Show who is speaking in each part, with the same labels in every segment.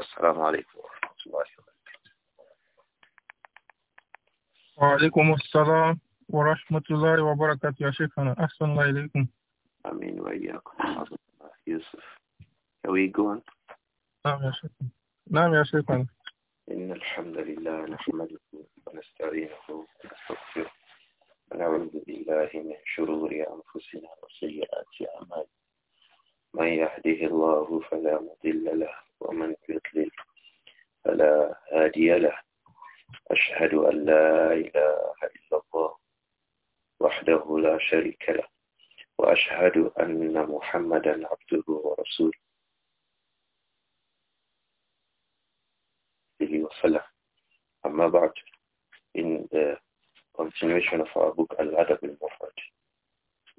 Speaker 1: السلام عليكم ورحمة الله وبركاته وعليكم السلام ورحمة الله وبركاته يا شيخنا أحسن الله إليكم
Speaker 2: آمين وإياكم يوسف وي جون
Speaker 1: نعم يا شيخنا نعم يا شيخنا
Speaker 2: إن الحمد لله نحمده ونستعينه ونستغفره ونعوذ بالله من شرور أنفسنا وسيئات أعمالنا من يهده الله فلا مضل له ومن يضلل فلا هادي له أشهد أن لا إله إلا الله وحده لا شريك له وأشهد أن محمدا عبده ورسوله وسلم أما بعد in the continuation of our book Al-Adab al-Mufrad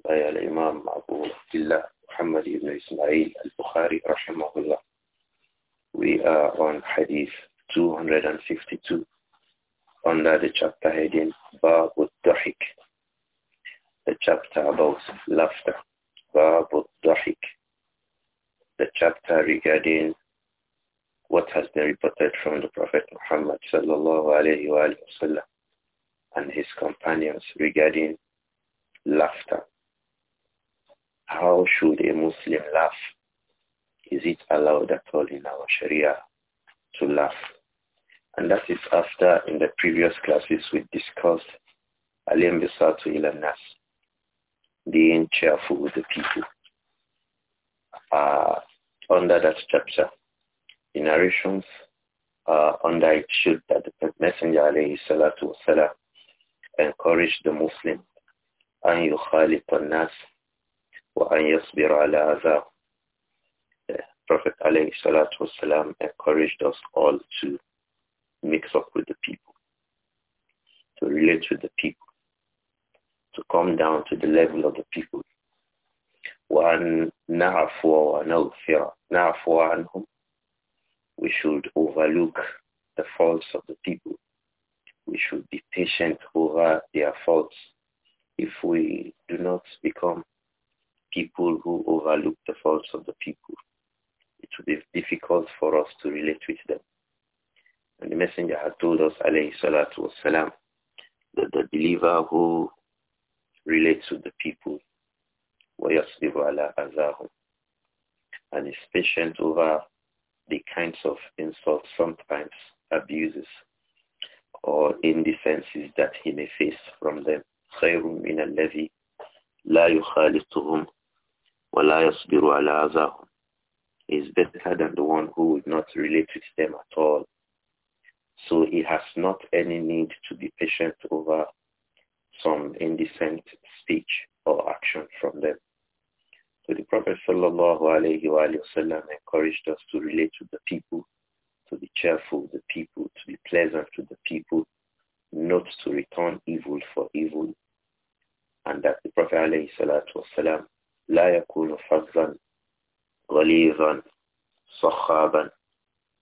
Speaker 2: by Al-Imam Abu Abdullah Muhammad ibn Ismail al-Bukhari rahimahullah We are on Hadith 252 under the chapter heading Babu Dahik, the chapter about laughter, Babu Dahik, the chapter regarding what has been reported from the Prophet Muhammad sallallahu alayhi and his companions regarding laughter. How should a Muslim laugh? is it allowed at all in our Sharia to laugh? And that is after in the previous classes we discussed Alim Bisatu Ilanas, being cheerful with the people. Uh, under that chapter, the narrations uh, under it should that the Messenger alayhi salatu wasalam encouraged the Muslim أن يخالط الناس وأن يصبر على أذاهم Prophet alayhi salatu wasalam encouraged us all to mix up with the people, to relate with the people, to come down to the level of the people. we should overlook the faults of the people. We should be patient over their faults. If we do not become people who overlook the faults of the people, will be difficult for us to relate with them. And the messenger had told us, alayhi salatu wasalam, that the believer who relates with the people, وَيَصْبِرُ عَلَىٰ أَذَاهُمْ And is patient over the kinds of insults, sometimes abuses, or indecencies that he may face from them. خَيْرٌ مِنَ الَّذِي لَا يُخَالِطُهُمْ وَلَا يَصْبِرُ عَلَىٰ أَذَاهُمْ is better than the one who would not relate with them at all. So he has not any need to be patient over some indecent speech or action from them. So the Prophet sallallahu encouraged us to relate to the people, to be cheerful the people, to be pleasant to the people, not to return evil for evil. And that the Prophet alayhi لا يكون فضلا غليظا صخابا.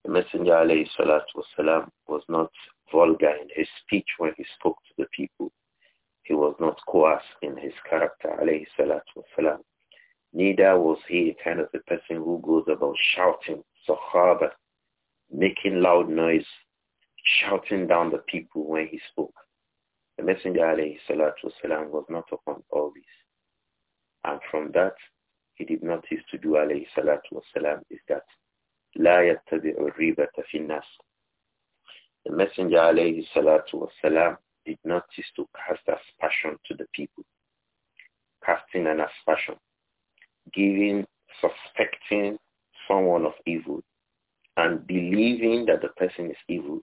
Speaker 2: The Messenger alayhi salatu wasalam was not vulgar in his speech when he spoke to the people. He was not coarse in his character alayhi salatu wasalam. Neither was he a kind of a person who goes about shouting sahaba, making loud noise, shouting down the people when he spoke. The Messenger alayhi salatu wasalam was not upon all this. And from that, he did not cease to do alayhi salatu wasalam is that لا يتبع الريبة في الناس. The Messenger alayhi salatu wasalam did not cease to cast aspersion to the people. Casting an aspersion. Giving, suspecting someone of evil and believing that the person is evil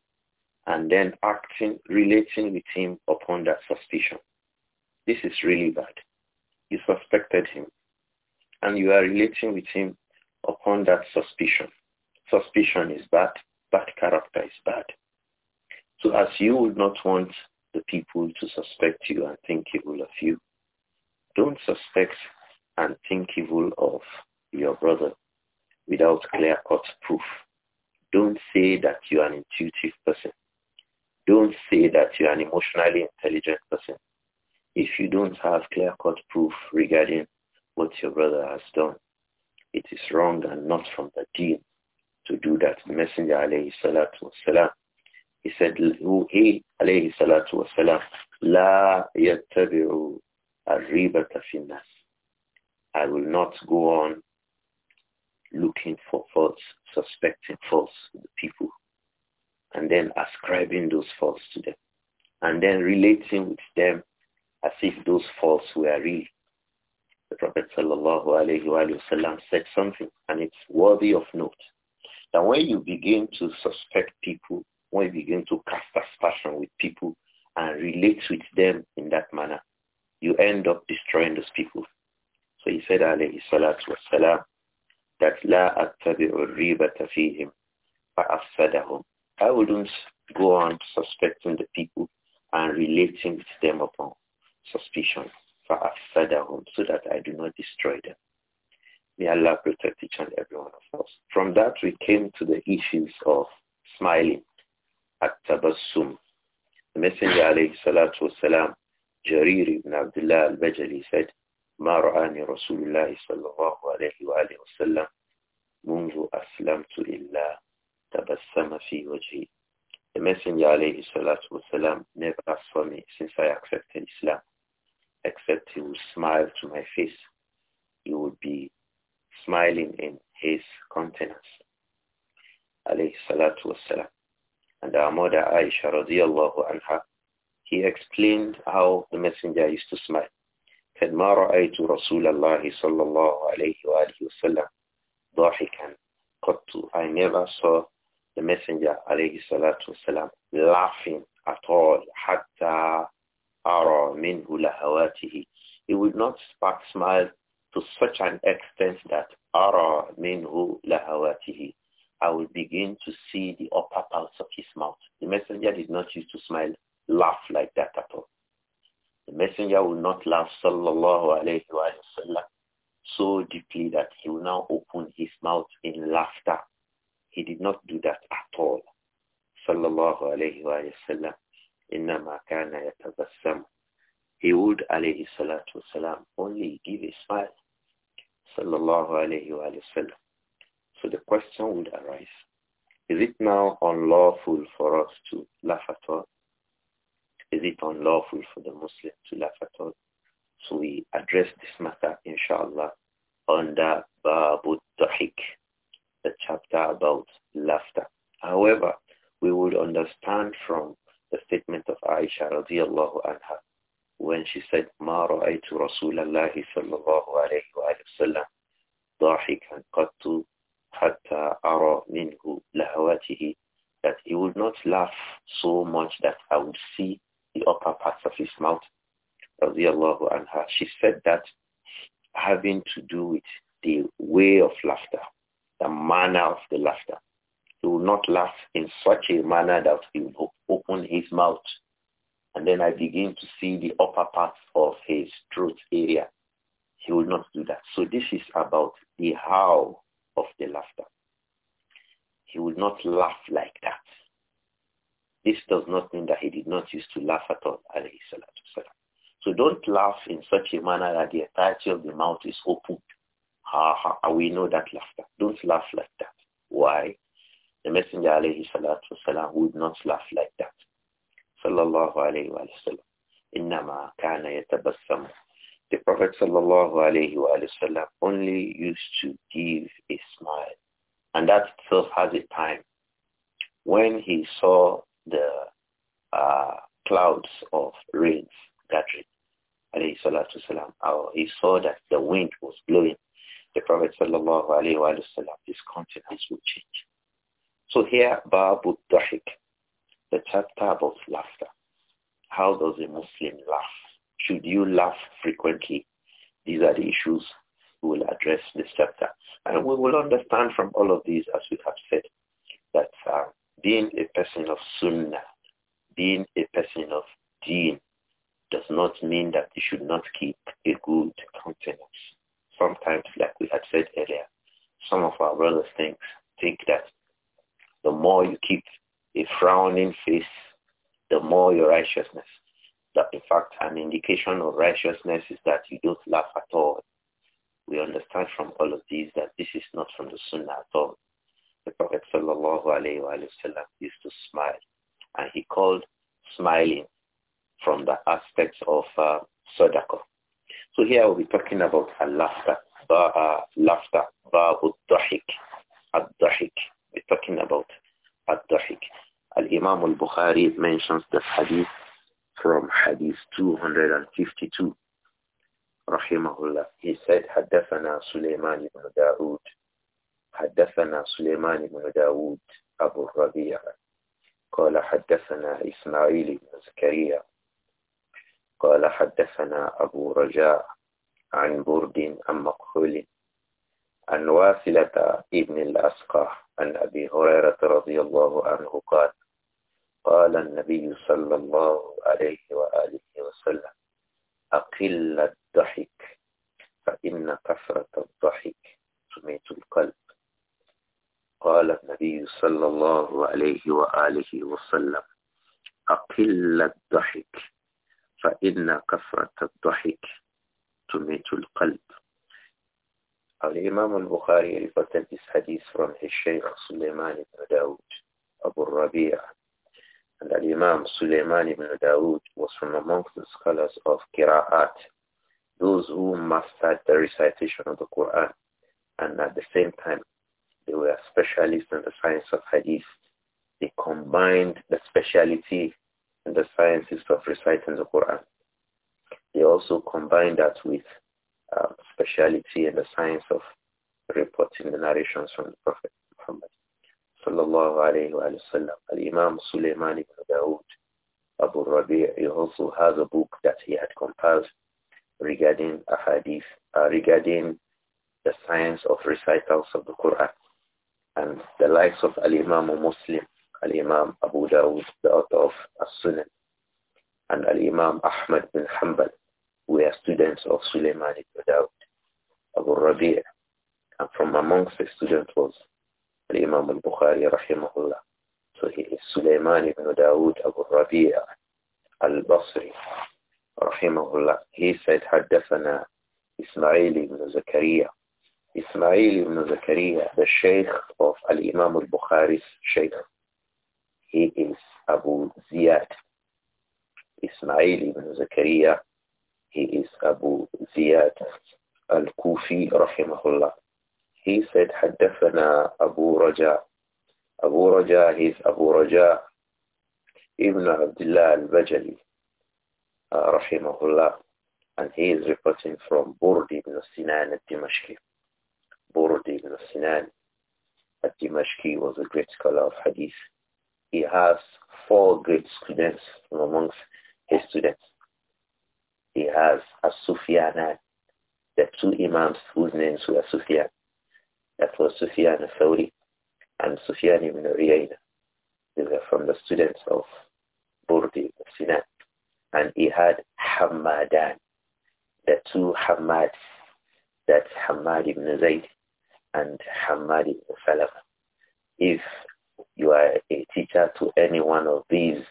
Speaker 2: and then acting, relating with him upon that suspicion. This is really bad. You suspected him and you are relating with him upon that suspicion. Suspicion is bad. Bad character is bad. So as you would not want the people to suspect you and think evil of you, don't suspect and think evil of your brother without clear-cut proof. Don't say that you are an intuitive person. Don't say that you are an emotionally intelligent person if you don't have clear-cut proof regarding what your brother has done. It is wrong and not from the deen to do that. The Messenger alayhi salatu wasalam, he said, he alayhi salatu wasalam, la yattabi'u arribata finnas. I will not go on looking for faults, suspecting faults in the people, and then ascribing those faults to them, and then relating with them as if those faults were real the Prophet sallallahu alayhi wa sallam said something and it's worthy of note. That when you begin to suspect people, when you begin to cast aspersion with people and relate with them in that manner, you end up destroying those people. So he said alayhi salatu wasalam that la attabi'u ribata fihim fa'afsadahum. I wouldn't go on suspecting the people and relating with them upon suspicion. فَأَفَّدَهُمْ um, so that I do not destroy them. May Allah protect each and every one of us. From that we came to the issues of smiling at tabassum. The Messenger alayhi salatu wasalam, Jarir ibn Abdullah al-Bajali said, ما رآني رسول الله صلى الله عليه وآله وسلم منذ أسلمت إلا تبسم في وجهي. The Messenger alayhi salatu wasalam never asked for me since I accepted Islam except he would smile to my face. He would be smiling in his countenance. Alayhi salatu wassalam. And our mother Aisha radiallahu anha, he explained how the messenger used to smile. كان ما رأيت رسول الله صلى الله عليه وآله وسلم ضاحكا قط I never saw the messenger عليه الصلاة والسلام laughing at all حتى أَرَى مِنْهُ لَهَوَاتِهِ He would not spark smiles to such an extent that أَرَى مِنْهُ لَهَوَاتِهِ I will begin to see the upper parts of his mouth. The messenger did not used to smile, laugh like that at all. The messenger will not laugh, sallallahu alayhi wa sallam, so deeply that he will now open his mouth in laughter. He did not do that at all, sallallahu alayhi wa sallam. إنما kana yatabassam. he would alayhi salatu والسلام only give a smile sallallahu alayhi wa وآله so the question would arise is it now unlawful for us to laugh at all is it unlawful for the Muslim to laugh at all so we address this matter inshallah under Babu Tahik the chapter about laughter however we would understand from the statement of Aisha radiallahu anha when she said, ما رأيت رسول الله صلى الله عليه وآله وسلم ضاحكا قط حتى أرى منه لهواته that he would not laugh so much that I would see the upper parts of his mouth. Radiallahu anha. She said that having to do with the way of laughter, the manner of the laughter he will not laugh in such a manner that he will open his mouth. And then I begin to see the upper part of his throat area. He will not do that. So this is about the how of the laughter. He will not laugh like that. This does not mean that he did not used to laugh at all, So don't laugh in such a manner that the entirety of the mouth is open. Ha ha, we know that laughter. Don't laugh like that. Why? The Messenger alayhi salatu wasalam would not laugh like that. Sallallahu alayhi wa sallam. Innama kana yatabassam. The Prophet sallallahu alayhi wa sallam only used to give a smile. And that itself has a time. When he saw the uh, clouds of rains gathering, alayhi salatu wasalam, or he saw that the wind was blowing, the Prophet sallallahu alayhi wa sallam, his countenance would change so here, Babu Dahik, the chapter about laughter. How does a Muslim laugh? Should you laugh frequently? These are the issues we will address this chapter. And we will understand from all of these, as we have said, that uh, being a person of sunnah, being a person of deen, does not mean that you should not keep a good countenance. Sometimes, like we had said earlier, some of our brothers think, think that the more you keep a frowning face, the more your righteousness. That in fact, an indication of righteousness is that you don't laugh at all. We understand from all of these that this is not from the Sunnah at all. The Prophet wasallam used to smile, and he called smiling from the aspects of uh, sadaqah. So here we'll be talking about laughter, ba, uh, laughter, babu dahik, ad-dahik we're talking about Al-Dahik. Al-Imam al-Bukhari mentions the hadith from hadith 252. Rahimahullah. He said, حدثنا سليمان بن داود حدثنا سليمان بن داود أبو الربيع قال حدثنا إسماعيل بن زكريا قال حدثنا أبو رجاء عن برد عن مقهول عن وافلة ابن الأسقى عن أبي هريرة رضي الله عنه قال قال النبي صلى الله عليه وآله وسلم أقل الضحك فإن كثرة الضحك تميت القلب قال النبي صلى الله عليه وآله وسلم أقل الضحك فإن كثرة الضحك تميت القلب Al-Imam al-Bukhari reported this hadith from his Shaykh Suleiman ibn Dawood, Abu Rabi'a. And Al-Imam Suleiman ibn Dawood was from amongst the scholars of Qira'at, those who mastered the recitation of the Quran. And at the same time, they were specialists in the science of hadith. They combined the speciality in the sciences of reciting the Quran. They also combined that with uh, speciality and the science of reporting the narrations from the Prophet Muhammad sallallahu alayhi wa sallam. Al-Imam Sulaiman ibn Dawood Abu Rabi' he also has a book that he had compiled regarding ahadith, uh, regarding the science of recitals of the Quran and the likes of Al-Imam Muslim, Al-Imam Abu Dawud, the author of As-Sunan, and Al-Imam Ahmad bin Hanbal, were students of Suleiman ibn Daud, Abu Rabi'a, and from amongst the students was Imam al-Bukhari rahimahullah. So he is Suleiman ibn Dawood Abu Rabi'a al-Basri rahimahullah. He said, حدثنا Ismail ibn Zakaria. Ismail ibn Zakaria, the Sheikh of al-Imam al-Bukhari's Sheikh. He is Abu Ziyad. Ismail ibn Zakaria he is Abu Ziyad al-Kufi rahimahullah. He said, حدثنا Abu Raja. Abu Raja, he is Abu Raja Ibn Abdullah al-Bajali uh, rahimahullah. And he is reporting from Burd ibn Sinan al-Dimashqi. Burd ibn Sinan al-Dimashqi was a great scholar of hadith. He has four great students from amongst his students he has As-Sufyanan, the two Imams whose names were Sufyan. That was Sufyan Thawri and Sufyan ibn Uyayna. They were from the students of Burdi of sinat And he had Hamadan, the two Hamads, that's Hamad ibn Zayd and Hamad ibn Salama. If you are a teacher to any one of these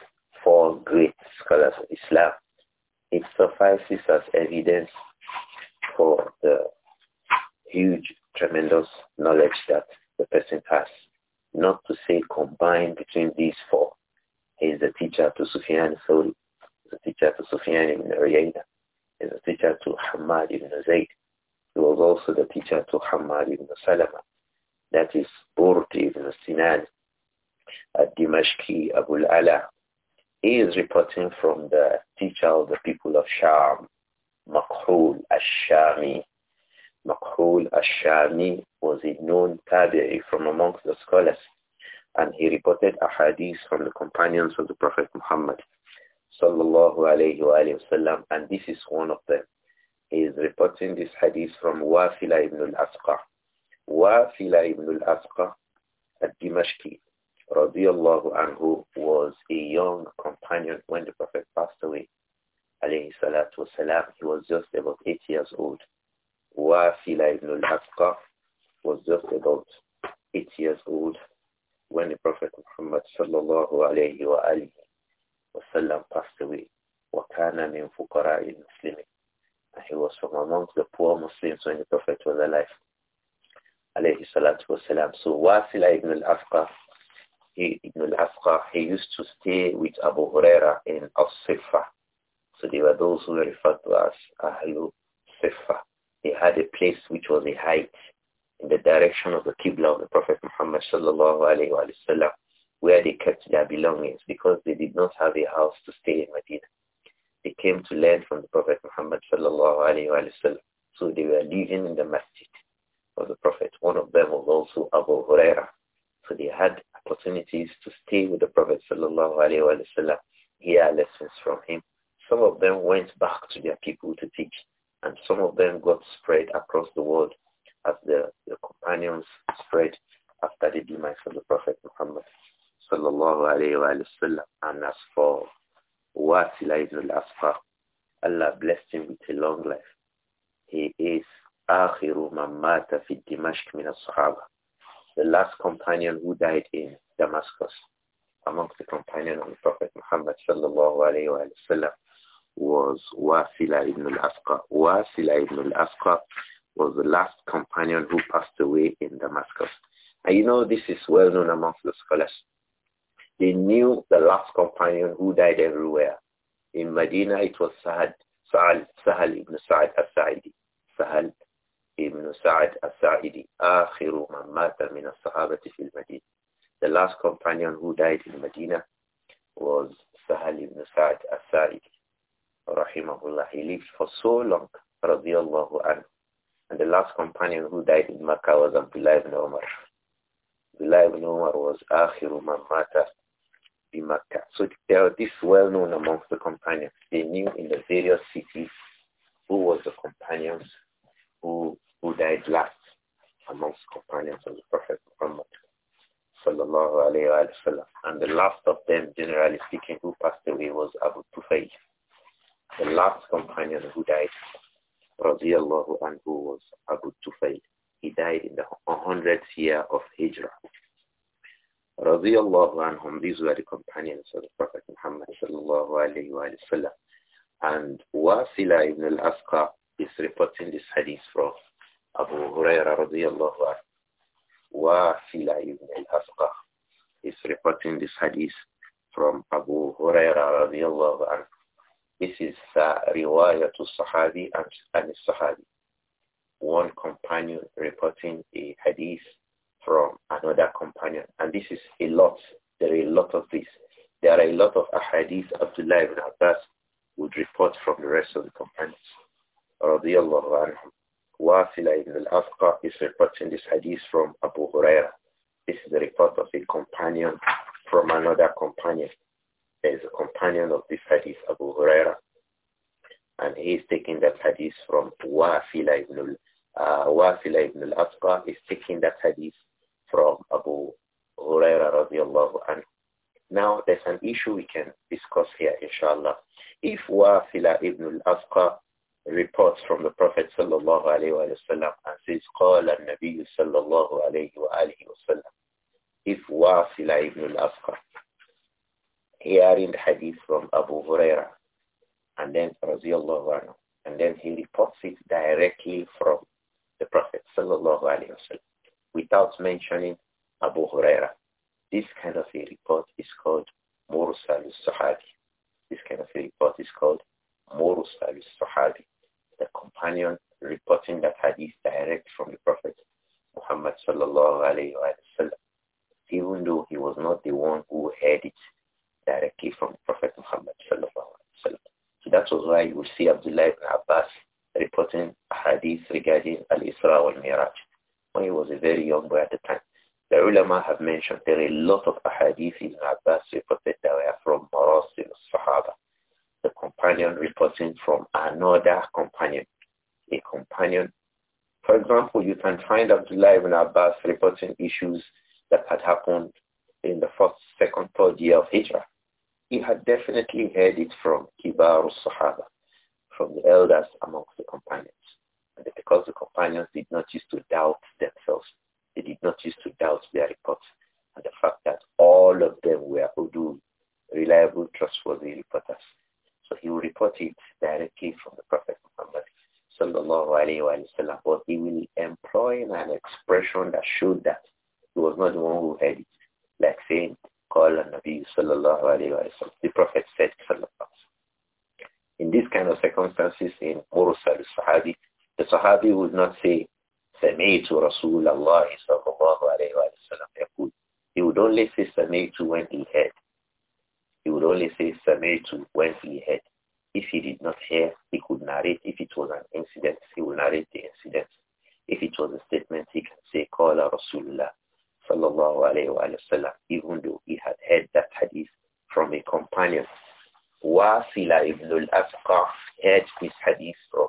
Speaker 2: four great scholars of Islam, it suffices as evidence for the huge, tremendous knowledge that the person has. Not to say combined between these four. He is the teacher to Sufyan Thawri, the teacher to Sufyan ibn Uyayna, is the teacher to Hamad ibn Zayd. He was also the teacher to Hamad ibn Salama. That is Burd ibn Sinan, al-Dimashqi Abu al-Ala, he is reporting from the teacher of the people of Sham, Makhul Ashami. Makhul Ashami was a known tabi'i from amongst the scholars, and he reported a hadith from the companions of the Prophet Muhammad sallallahu alayhi wa, sallam, and this is one of them. He is reporting this hadith from Wafila ibn al-Asqa. Wafila ibn al-Asqa al-Dimashqi radiallahu anhu, was a young companion when the Prophet passed away. Alayhi salatu wasalam, he was just about eight years old. Wafila ibn al-Afqa was just about eight years old when the Prophet Muhammad sallallahu alayhi wa alihi wasallam passed away. وَكَانَ مِنْ فُقَرَاءِ Muslimi. He was from amongst the poor Muslims when the Prophet was alive. Alayhi salatu wasalam. So Wasila ibn al-Afqa he, Ibn al-Asqa, he used to stay with Abu Huraira in al sifa So they were those who were referred to as Ahlu Sifa. They had a place which was a height in the direction of the Qibla of the Prophet Muhammad sallallahu alayhi wa sallam, where they kept their belongings because they did not have a house to stay in Medina. They came to learn from the Prophet Muhammad sallallahu alayhi wa sallam. So they were living in the masjid of the Prophet. One of them was also Abu Huraira. So they had opportunities to stay with the Prophet sallallahu alaihi wasallam, hear lessons from him. Some of them went back to their people to teach, and some of them got spread across the world as the, the companions spread after the demise of the Prophet Muhammad sallallahu alaihi wasallam. And as for Wasila ibn al-Asfar, Allah blessed him with a long life. He is آخر من مات في دمشق من الصحابة the last companion who died in Damascus amongst the companion of the Prophet Muhammad sallallahu alayhi wa sallam was Wasila ibn al-Asqa. Wasila ibn al-Asqa was the last companion who passed away in Damascus. And you know this is well known amongst the scholars. They knew the last companion who died everywhere. In Medina it was Sahad, Sahal, Sahal ibn Sa'ad al-Sa'idi. Sahal Ibn Sa'ad al-Sa'idi, آخر من مات من الصحابة في المدينة. The last companion who died in Medina was Sahal ibn Sa'ad al-Sa'idi, rahimahullah. He lived for so long, radiallahu anhu. And the last companion who died in Mecca was Abdullah ibn Umar. Abdullah ibn Umar was آخر من مات Mecca. So they are this well known amongst the companions. They knew in the various cities who was the companions who who died last amongst companions of the Prophet Muhammad sallallahu And the last of them, generally speaking, who passed away was Abu Tufayl. The last companion who died, radiallahu anhu, was Abu Tufayl. He died in the 100th year of Hijrah. Radiallahu anhum, these were the companions of the Prophet Muhammad sallallahu alayhi wa sallam. And Wasila ibn al-Asqa is reporting this hadith from Abu Huraira radiallahu anhu, Wafila ibn al-Asqa, is reporting this hadith from Abu Huraira radiallahu anhu. This is uh, riwayah to Sahabi and, and Sahabi. One companion reporting a hadith from another companion. And this is a lot. There are a lot of this. There are a lot of ahadith Abdullah ibn Abbas would report from the rest of the companions. Radiallahu anhum. Wasila ibn al-Afqa is reporting this hadith from Abu Huraira. This is the report of a companion from another companion. There is a companion of this hadith, Abu Huraira. And he is taking that hadith from Wasila ibn al uh, Wasila ibn al-Asqa is taking that hadith from Abu Huraira radiallahu anhu. Now, there's an issue we can discuss here, inshallah. If Wasila ibn al-Asqa reports from the Prophet sallallahu alaihi wasallam and says, قال النبي صلى الله عليه wasallam if Wasila ibn al-Asqar hearing the hadith from Abu Huraira and then radiallahu anhu and then he reports it directly from the Prophet sallallahu alaihi wasallam without mentioning Abu Huraira. This kind of a report is called Mursal al-Sahabi. This kind of a report is called Mursal al-Sahabi the companion reporting that hadith direct from the Prophet Muhammad sallallahu alayhi wa sallam, even though he was not the one who heard it directly from the Prophet Muhammad sallallahu alayhi wa sallam. So that was why you will see Abdullah ibn Abbas reporting hadith regarding Al-Isra wal-Miraj when he was a very young boy at the time. The ulama have mentioned there are a lot of ahadith in Abbas reported that were from Maras in Sahaba the companion reporting from another companion. A companion. For example, you can find Abdullah ibn Abbas reporting issues that had happened in the first, second, third year of Hijrah. He had definitely heard it from Kibar sahaba from the elders amongst the companions. And because the companions did not used to doubt themselves, they did not used to doubt their reports. And the fact that all of them were Udul, reliable, trustworthy reporters. So he will report it directly from the Prophet Muhammad sallallahu alayhi wa sallam. But he will employ an expression that showed that he was not the one who had it. Like saying, Qala Nabi sallallahu alayhi wa sallam. The Prophet said sallallahu in these kind of circumstances in Mursal Sahabi, the Sahabi would not say, Sami'tu Rasulullah sallallahu alayhi wa sallam. He would only say Sami'tu when he heard. He would only say to when he heard. If he did not hear, he could narrate. If it was an incident, he would narrate the incident. If it was a statement, he can say Qala Rasulullah sallallahu alayhi wa sallam, even though he had heard that hadith from a companion. Wasila ibn al-Asqa heard this hadith from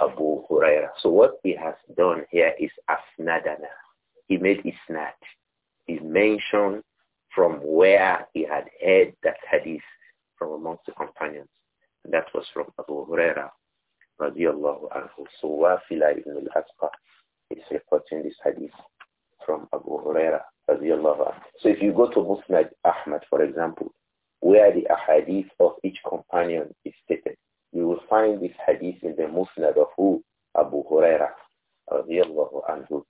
Speaker 2: Abu Huraira. So what he has done here is asnadana. He made isnad. He mentioned from where he had heard that hadith from amongst the companions. And that was from Abu Huraira, radiallahu anhu. So Wafila ibn al-Asqa is reporting this hadith from Abu Huraira, radiallahu anhu. So if you go to Musnad Ahmad, for example, where the hadith of each companion is stated, you will find this hadith in the Musnad of who? Abu Huraira, radiallahu anhu.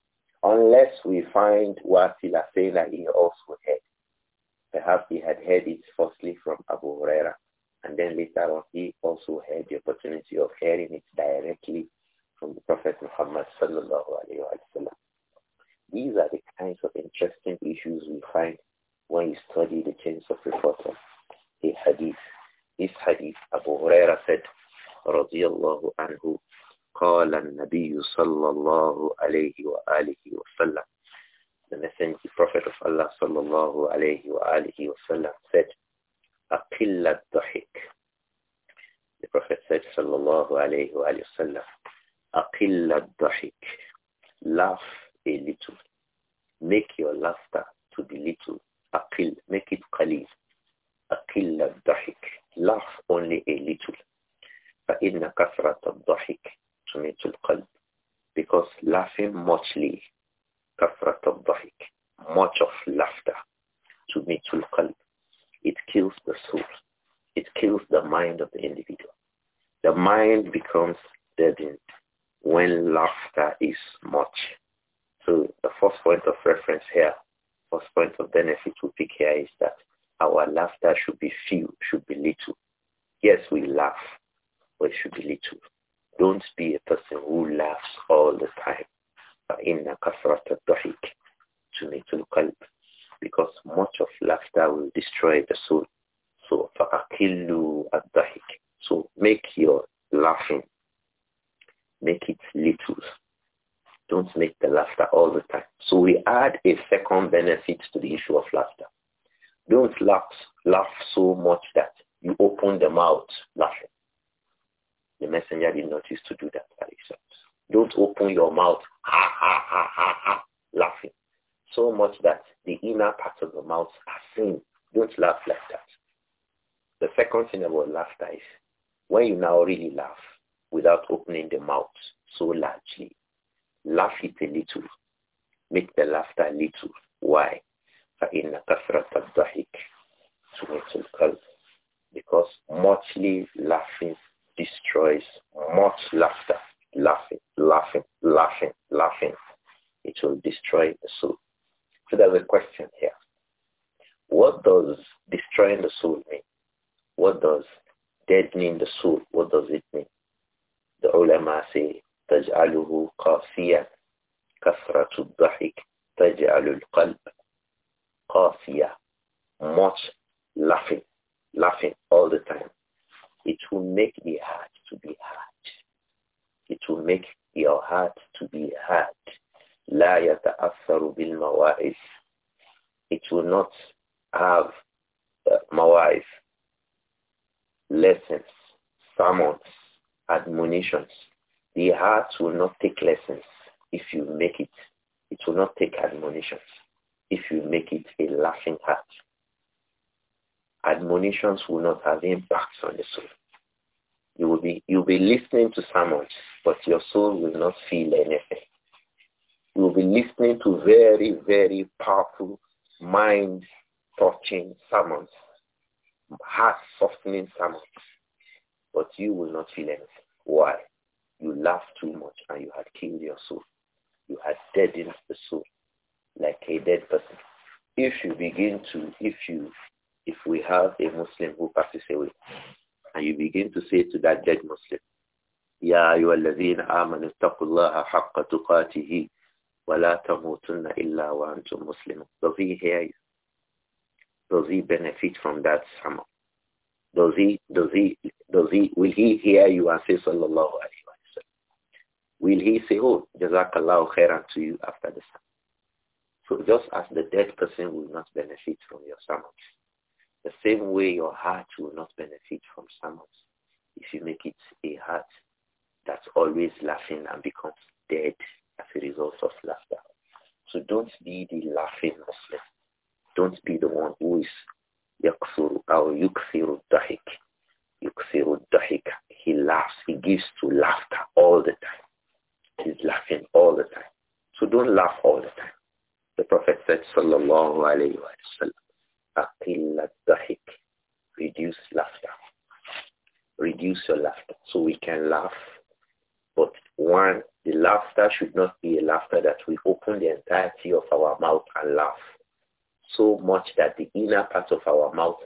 Speaker 2: Unless we find Wafila saying that he also heard Perhaps he had heard it firstly from Abu Huraira, and then later on he also had the opportunity of hearing it directly from the Prophet Muhammad sallallahu alaihi wasallam. These are the kinds of interesting issues we find when you study the chains of report of the hadith. This hadith, Abu Huraira said, رضي الله عنه قال النبي صلى الله عليه وآله وسلم the messenger, the prophet of Allah sallallahu alayhi wa alihi wa sallam said, Aqillat dahik. The prophet said sallallahu alayhi wa sallam, Aqillat dahik. Laugh a little. Make your laughter to be little. Aqil, make it qalil. Aqillat dahik. Laugh only a little. فإن كثرة الضحك تميت القلب because laughing muchly kafrat al-dahik, much of laughter, to mitul qalb. It kills the soul. It kills the mind of the individual. The mind becomes deadened when laughter is much. So the first point of reference here, first point of benefit we pick here is that our laughter should be few, should be little. Yes, we laugh, but it should be little. Don't be a person who laughs all the time. فَإِنَّ كَثْرَةَ to look الْقَلْبِ Because much of laughter will destroy the soul. So فَأَقِلُّ الضَّحِكِ So make your laughing, make it little. Don't make the laughter all the time. So we add a second benefit to the issue of laughter. Don't laugh, laugh so much that you open the mouth laughing. The messenger did not used to do that, don't open your mouth, ha, ha, ha, ha, ha, laughing. So much that the inner parts of the mouth are seen. Don't laugh like that. The second thing about laughter is when you now really laugh without opening the mouth so largely, laugh it a little. Make the laughter little. Why? Because muchly laughing destroys much laughter laughing, laughing, laughing, laughing. It will destroy the soul. So there's a question here. What does destroying the soul mean? What does deadening the soul, what does it mean? The ulama say, تجعله قاسيا كثرة الضحك تجعل القلب قاسيا much laughing, laughing all the time. It will make the heart to make your heart to be hard. لا يتأثر بالمواعظ. It will not have uh, mawaiz, lessons, sermons, admonitions. The heart will not take lessons if you make it. It will not take admonitions if you make it a laughing heart. Admonitions will not have impacts on the soul. You will be, you'll be listening to sermons but your soul will not feel anything. You will be listening to very, very powerful, mind-touching sermons, heart-softening sermons, but you will not feel anything. Why? You laughed too much and you had killed your soul. You had deadened the soul like a dead person. If you begin to, if you, if we have a Muslim who passes away, and you begin to say to that dead Muslim, يا أيها الذين آمنوا اتقوا الله حق تقاته ولا تموتن إلا وأنتم مسلمون. Does he hear you? Does he benefit from that sermon? Does he, does he, does he, will he hear you and say sallallahu alayhi wa sallam? Will he say, oh, jazakallahu khairan to you after the sermon? So just as the dead person will not benefit from your sermon, the same way your heart will not benefit and becomes dead as a result of laughter. So don't be the laughing Muslim. Don't be the one who is yaksuru or yuksiru dahik. Yuksiru dahik. He laughs. He gives to laughter all the time. He's laughing all the time. So don't laugh all the time. The Prophet said, Sallallahu alayhi wa should not be a laughter that will open the entirety of our mouth and laugh so much that the inner part of our mouth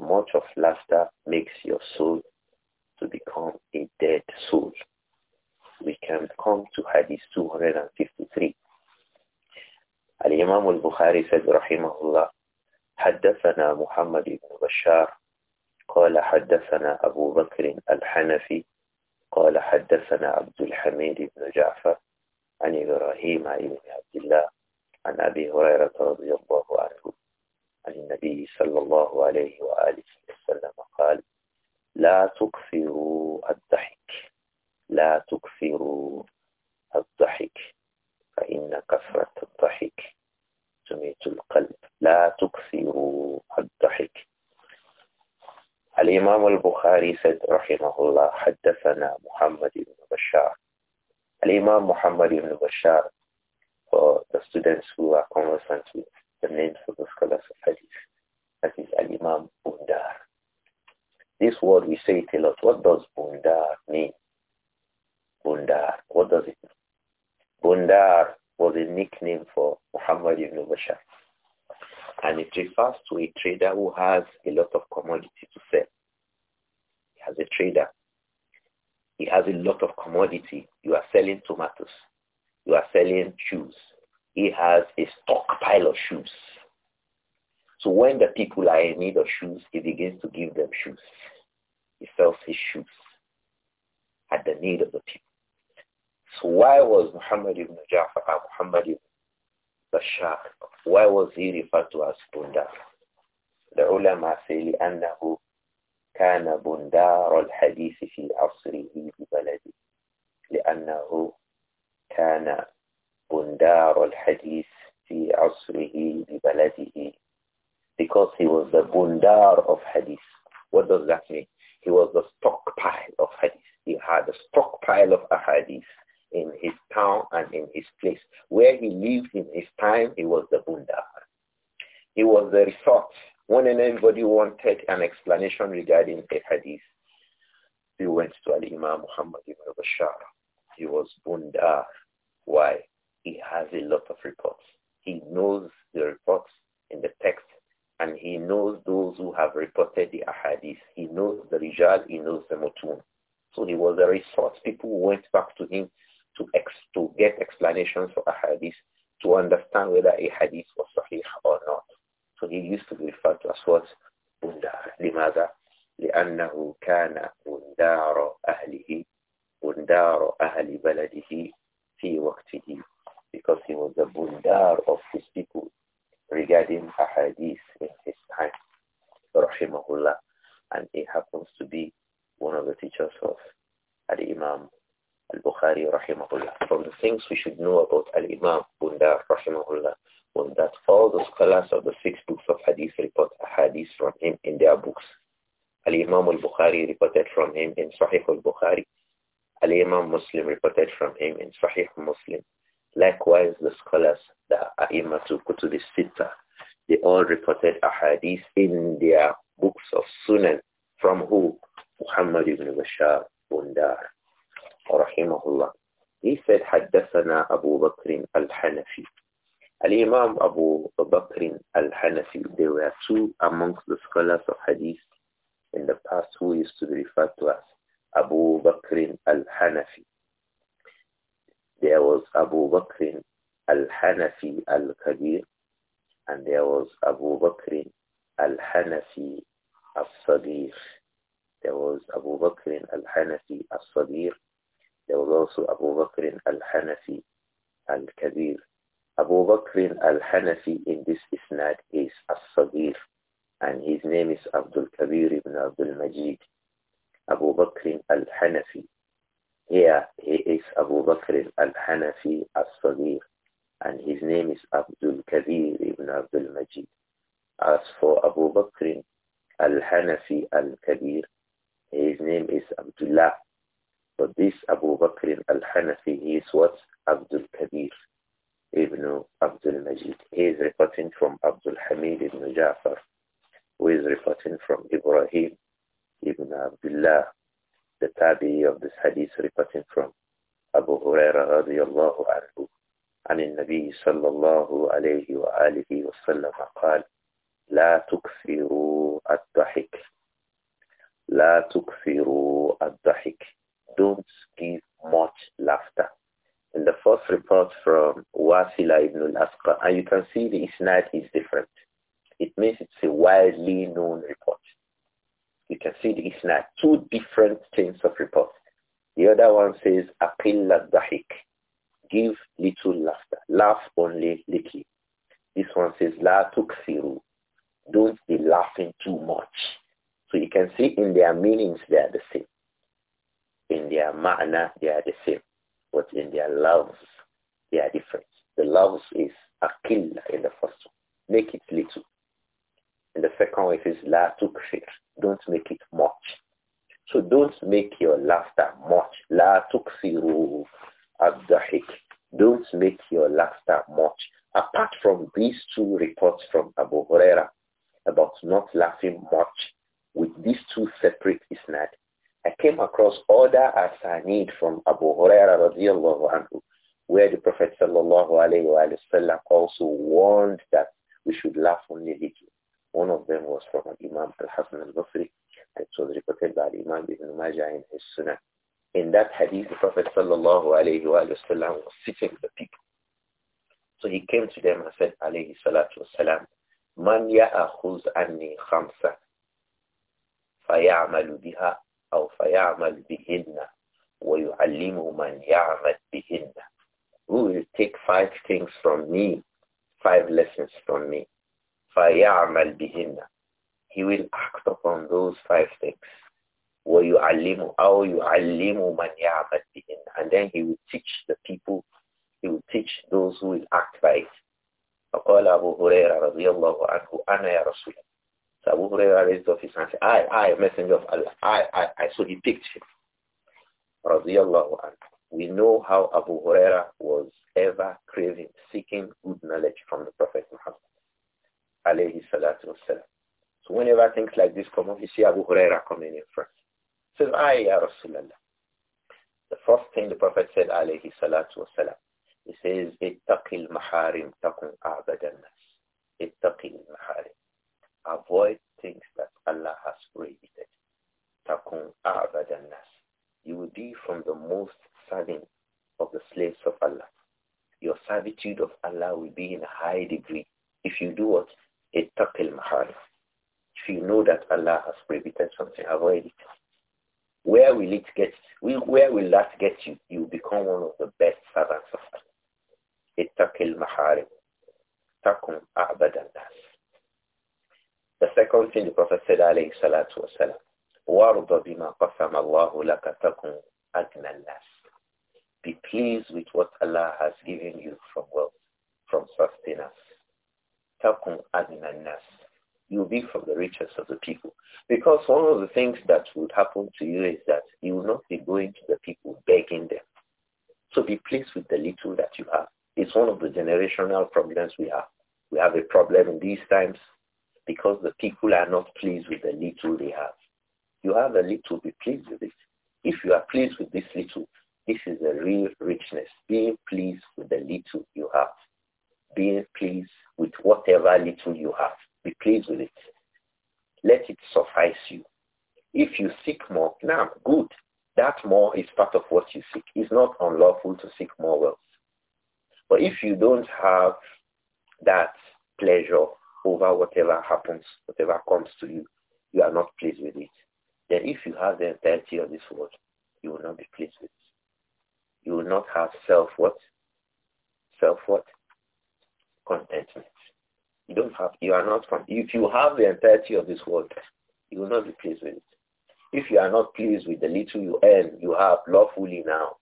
Speaker 2: much of laughter makes your soul to become a dead soul. We can come to Hadith 253. Al-Imam al-Bukhari said, Rahimahullah, حدثنا محمد بن بشار قال حدثنا أبو بكر الحنفي قال حدثنا عبد الحميد بن جعفر عن إبراهيم عن عبد الله عن أبي هريرة رضي الله عنه عن النبي صلى الله عليه وآله وسلم قال لا تكثروا الضحك لا تكثروا الضحك فإن كثرة الضحك تميت القلب لا تكثروا الضحك الإمام البخاري سيد رحمه الله حدثنا محمد بن بشار الإمام محمد بن بشار for the students who are conversant with the names of the scholars of hadith. That is Al-Imam Bundar. This word, we say it a lot. What does Bundar mean? Bundar, what does it mean? Bundar was a nickname for Muhammad ibn Bashar. And it refers to a trader who has a lot of commodity to sell. He has a trader. He has a lot of commodity. You are selling tomatoes. You are selling shoes he has a stockpile of shoes. So when the people are in need of shoes, he begins to give them shoes. He sells his shoes at the need of the people. So why was Muhammad ibn Ja'far and uh, Muhammad ibn Bashar, why was he referred to as Bundar? The ulama say لأنه كان بندار الحديث في عصره ببلده لأنه كان Bundar al-Hadith fi asrihi Because he was the Bundar of Hadith. What does that mean? He was the stockpile of Hadith. He had a stockpile of Ahadith in his town and in his place. Where he lived in his time, he was the Bundar. He was the resort. When anybody wanted an explanation regarding a Hadith, he went to Al-Imam Muhammad ibn Bashar. He was Bundar. Why? He has a lot of reports. He knows the reports in the text and he knows those who have reported the ahadith. He knows the rijal, he knows the mutun. So he was a resource. People went back to him to, ex to get explanations for ahadith to understand whether a hadith was sahih or not. So he used to be referred to as what? Bunda. لماذا? لأنه كان we should know about Al-Imam Bundar, rahimahullah, was that all the scholars of the six books of Hadith report hadiths from him in their books. Al-Imam al-Bukhari reported from him in Sahih al-Bukhari. Al-Imam Muslim reported from him in Sahih Muslim. give little laughter. Laugh only little. This one says, La tuksiru. Don't be laughing too much. So you can see in their meanings they are the same. In their ma'na they are the same. But in their loves they are different. The loves is akilla in the first one. Make it little. In the second one it is la tukfir. Don't make it much. So don't make your laughter much. La tuksiru. Abdahik, Don't make your laughter much. Apart from these two reports from Abu Huraira about not laughing much with these two separate isnad, I came across other asanid from Abu Huraira radiallahu anhu where the Prophet sallallahu alayhi wa, also warned that we should laugh only little. One of them was from Imam al-Hasan al-Basri. It was reported by Imam Ibn Majah in his Sunnah. In that hadith, the Prophet sallallahu alayhi wa sallam was sitting with the people. So he came to them and said, alayhi salatu wasalam, man ya'akhuz anni khamsa fayamalu biha aw fayamal bihinna wa yu'allimu man ya'mal bihinna. Who will take five things from me, five lessons from me? Fayamal bihinna. He will act upon those five things وَيُعَلِّمُ أَوْ يُعَلِّمُ مَنْ يَعْمَلْ بِهِنْ And then he will teach the people, he will teach those who will act by it. فقال أبو هريرة رضي الله عنه أنا يا رسول الله so Abu Huraira raised up his hand and said, I, I, messenger of Allah, I, I, I. So he picked him. رضي الله عنه. We know how Abu Huraira was ever craving, seeking good knowledge from the Prophet Muhammad. عليه salatu wasalam. So whenever things like this come up, you see Abu Huraira coming in front says, Aye, Ya Rasulallah. The first thing the Prophet said, alayhi salatu wasalam, he says, Ittaqil maharim takun a'badan nas. Ittaqil maharim. Avoid things that Allah has prohibited. Takun a'badan nas. You will be from the most serving of the slaves of Allah. Your servitude of Allah will be in a high degree if you do what? Ittaqil maharim. If you know that Allah has prohibited something, avoid it. Where will it get, where will that get you? You become one of the best servants of Allah. The second thing the Prophet said, alayhi salatu wasalam, وَارْضَ بِمَا قَسَمَ اللَّهُ لَكَ تَكُمْ أَجْنَى النَّاسِ Be pleased with what Allah has given you from wealth, from sustenance. تَكُمْ أَجْنَى النَّاسِ you'll be from the richest of the people. Because one of the things that would happen to you is that you will not be going to the people begging them. So be pleased with the little that you have. It's one of the generational problems we have. We have a problem in these times because the people are not pleased with the little they have. You have a little, be pleased with it. If you are pleased with this little, this is a real richness. Be pleased with the little you have. Be pleased with whatever little you have. Be pleased with it. Let it suffice you. If you seek more, now, good. That more is part of what you seek. It's not unlawful to seek more wealth. But if you don't have that pleasure over whatever happens, whatever comes to you, you are not pleased with it. Then if you have the entirety of this world, you will not be pleased with it. You will not have self what? Self what? Contentment. You don't have, you are not, from, if you have the entirety of this world, you will not be pleased with it. If you are not pleased with the little you earn, you have lawfully now,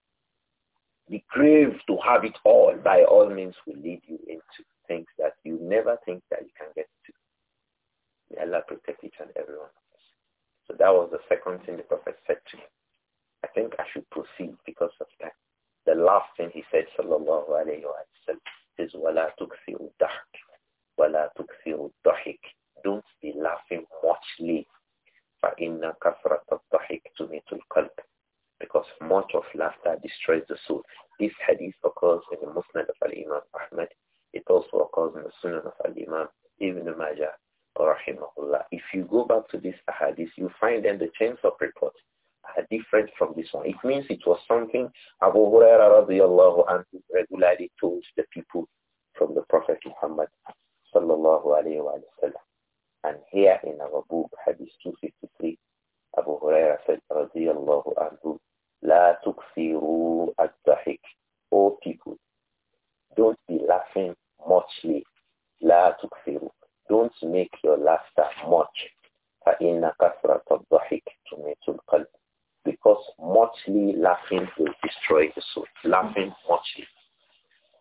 Speaker 2: the crave to have it all by all means will lead you into things that you never think that you can get to. May Allah protect each and every one of us. So that was the second thing the Prophet said to him. I think I should proceed because of that. The last thing he said, sallallahu alayhi wa sallam, is وَلَا تُكْثِرُ الدَّحْكِ ولا تُكْثِرُ الضَّحِكِ Don't be laughing muchly. فَإِنَّ كَثْرَةَ الضَّحِكِ تُمِيتُ الْقَلْبِ Because much of laughter destroys the soul. This hadith occurs in the Musnad of Al-Imam Ahmad. It also occurs in the Sunan of Al-Imam Ibn Majah. Rahimahullah. If you go back to this hadith, you find that the chains of report are different from this one. It means it was something Abu Hurairah radiallahu anhu regularly told the people from the Prophet Muhammad sallallahu alayhi wa sallam. And here in our book, Hadith 253, Abu Huraira said, radiyallahu anhu, La tuksiru at-tahik. O people, don't be laughing muchly. La tuksiru. Don't make your laughter much. فَإِنَّ كَثْرَةَ الضَّحِكِ تُمِيتُ الْقَلْبِ Because muchly laughing will destroy the soul. Laughing muchly.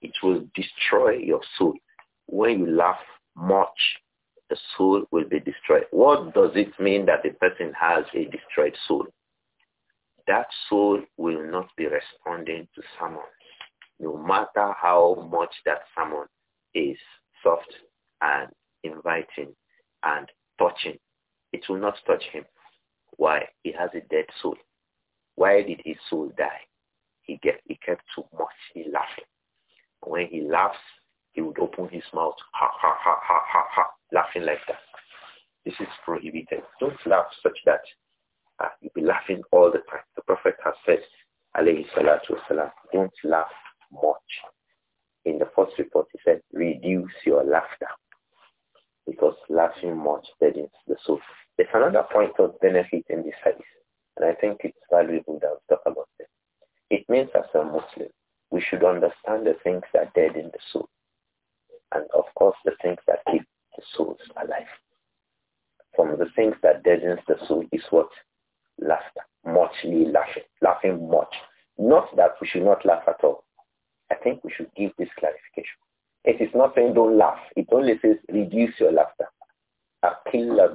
Speaker 2: It will destroy your soul when you laugh much, the soul will be destroyed. What does it mean that the person has a destroyed soul? That soul will not be responding to someone, no matter how much that someone is soft and inviting and touching. It will not touch him. Why? He has a dead soul. Why did his soul die? He, get, he kept too much. He laughed. When he laughs, he would open his mouth, ha, ha, ha, ha, ha, ha, laughing like that. This is prohibited. Don't laugh such that uh, you'll be laughing all the time. The Prophet has said, alayhi salatu wasalam, don't laugh much. In the first report, he said, reduce your laughter because laughing much deadens the soul. There's another point of benefit in this hadith, and I think it's valuable that we talk about this. It means as a Muslim, we should understand the things that deaden the soul and of course the things that keep the souls alive. From the things that deadens the soul is what? Laughter. Muchly laughing. Laughing much. Not that we should not laugh at all. I think we should give this clarification. It is not saying don't laugh. It only says reduce your laughter. Akilla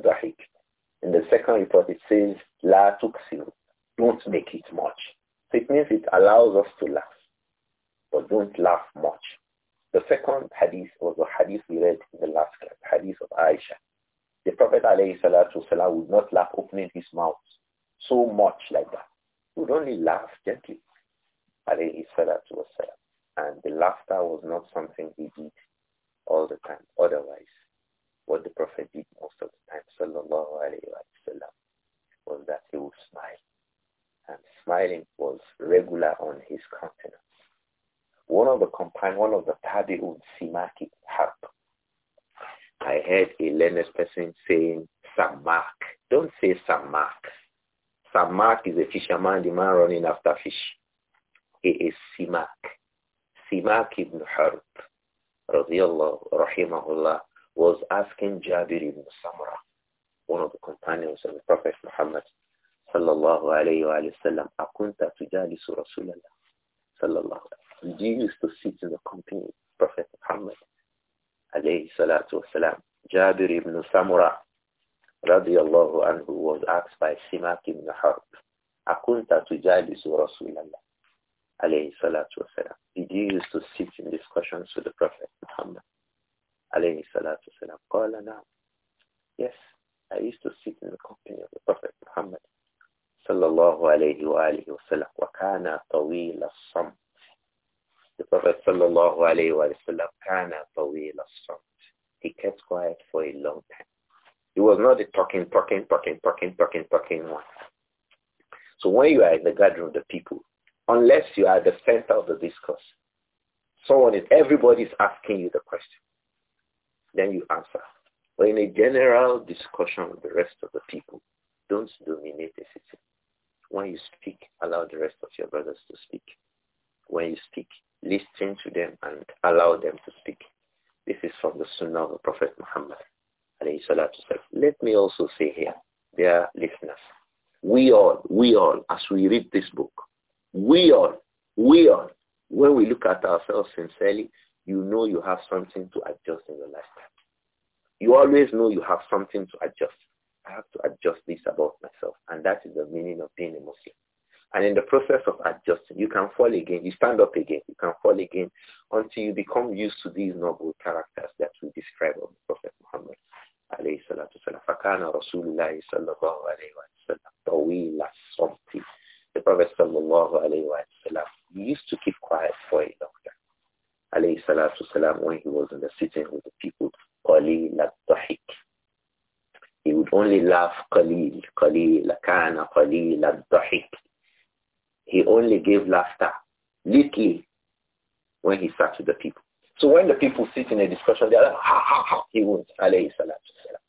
Speaker 2: In the second report it says la tuksiru. Don't make it much. So it means it allows us to laugh. But don't laugh much. The second hadith was the hadith we read in the last class, hadith of Aisha. The Prophet والسلام, would not laugh opening his mouth so much like that. He would only laugh gently. And the laughter was not something he did all the time. Otherwise, what the Prophet did most of the time, sallallahu was that he would smile. And smiling was regular on his countenance. One of the companions, one of the Tabi'un Simaki help. I heard a learned person saying Samak. Don't say Samak. Samak is a fisherman, the man running after fish. He is Simak. Simak ibn Harb, radiallahu, rahimahullah, was asking Jabir ibn Samra, one of the companions of the Prophet Muhammad, sallallahu alayhi wa sallam, أكنت تجالس رسول الله صلى الله عليه used to sit in the company of Prophet Muhammad alayhi salatu wasalam. Jabir ibn Samura radiallahu anhu was asked by Simak ibn Harb, Akunta tujalisu Rasulallah alayhi salatu wasalam. Did you used to sit in discussions with the Prophet Muhammad alayhi salatu wasalam? Qala na'am. Yes, I used to sit in the company of the Prophet Muhammad sallallahu alayhi wa alihi wasallam. Wa kana tawil as-samt the Prophet sallallahu alayhi wa sallam kana He kept quiet for a long time. He was not a talking, talking, talking, talking, talking, talking one. So when you are in the gathering of the people, unless you are the center of the discourse, someone is, everybody is asking you the question. Then you answer. But in a general discussion with the rest of the people, don't dominate the city. When you speak, allow the rest of your brothers to speak. When you speak, listen to them and allow them to speak. This is from the Sunnah of the Prophet Muhammad. Let me also say here, dear listeners, we all, we all, as we read this book, we all, we all, when we look at ourselves sincerely, you know you have something to adjust in your lifestyle. You always know you have something to adjust. I have to adjust this about myself. And that is the meaning of being a Muslim. And in the process of adjusting, you can fall again, you stand up again, you can fall again until you become used to these noble characters that we describe of Prophet Muhammad. The Prophet used to keep quiet for a long time. when he was in the sitting with the people He would only laugh قليل قليل كان قليل الضحك he only gave laughter, little, when he sat with the people. So when the people sit in a discussion, they are like, ha ha ha, he won't, alayhi salatu salam.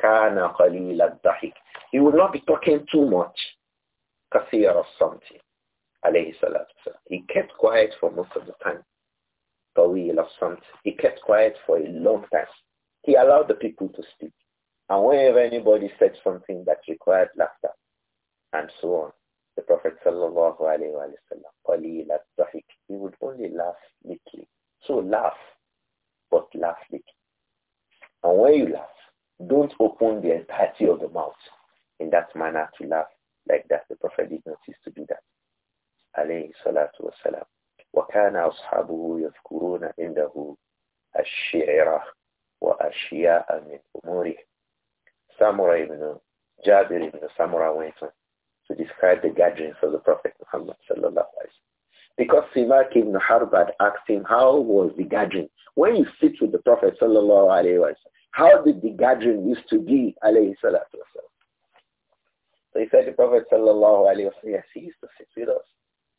Speaker 2: Kana qalil dahik He will not be talking too much. Kathir or something, alayhi salatu He kept quiet for most of the time. Tawil of something. He kept quiet for a long time. He allowed the people to speak. And whenever anybody said something that required laughter, and so on, the Prophet sallallahu alayhi wa sallam, he would only laugh little. So laugh, but laugh little. And when you laugh, don't open the entirety of the mouth in that manner to laugh like that. The Prophet did not used to do that. عليه الصلاة والسلام وكان أصحابه يذكرون عنده الشعر وأشياء من أموره سامورا بن جابر بن سامورا went on to describe the gatherings of the Prophet Muhammad sallallahu alaihi wasallam. Because Simak ibn Harbad asked him, how was the gathering? When you sit with the Prophet sallallahu alaihi wasallam, how did the gathering used to be alayhi salatu wasallam? So he said the Prophet sallallahu alaihi wasallam, yes, he used to sit with us.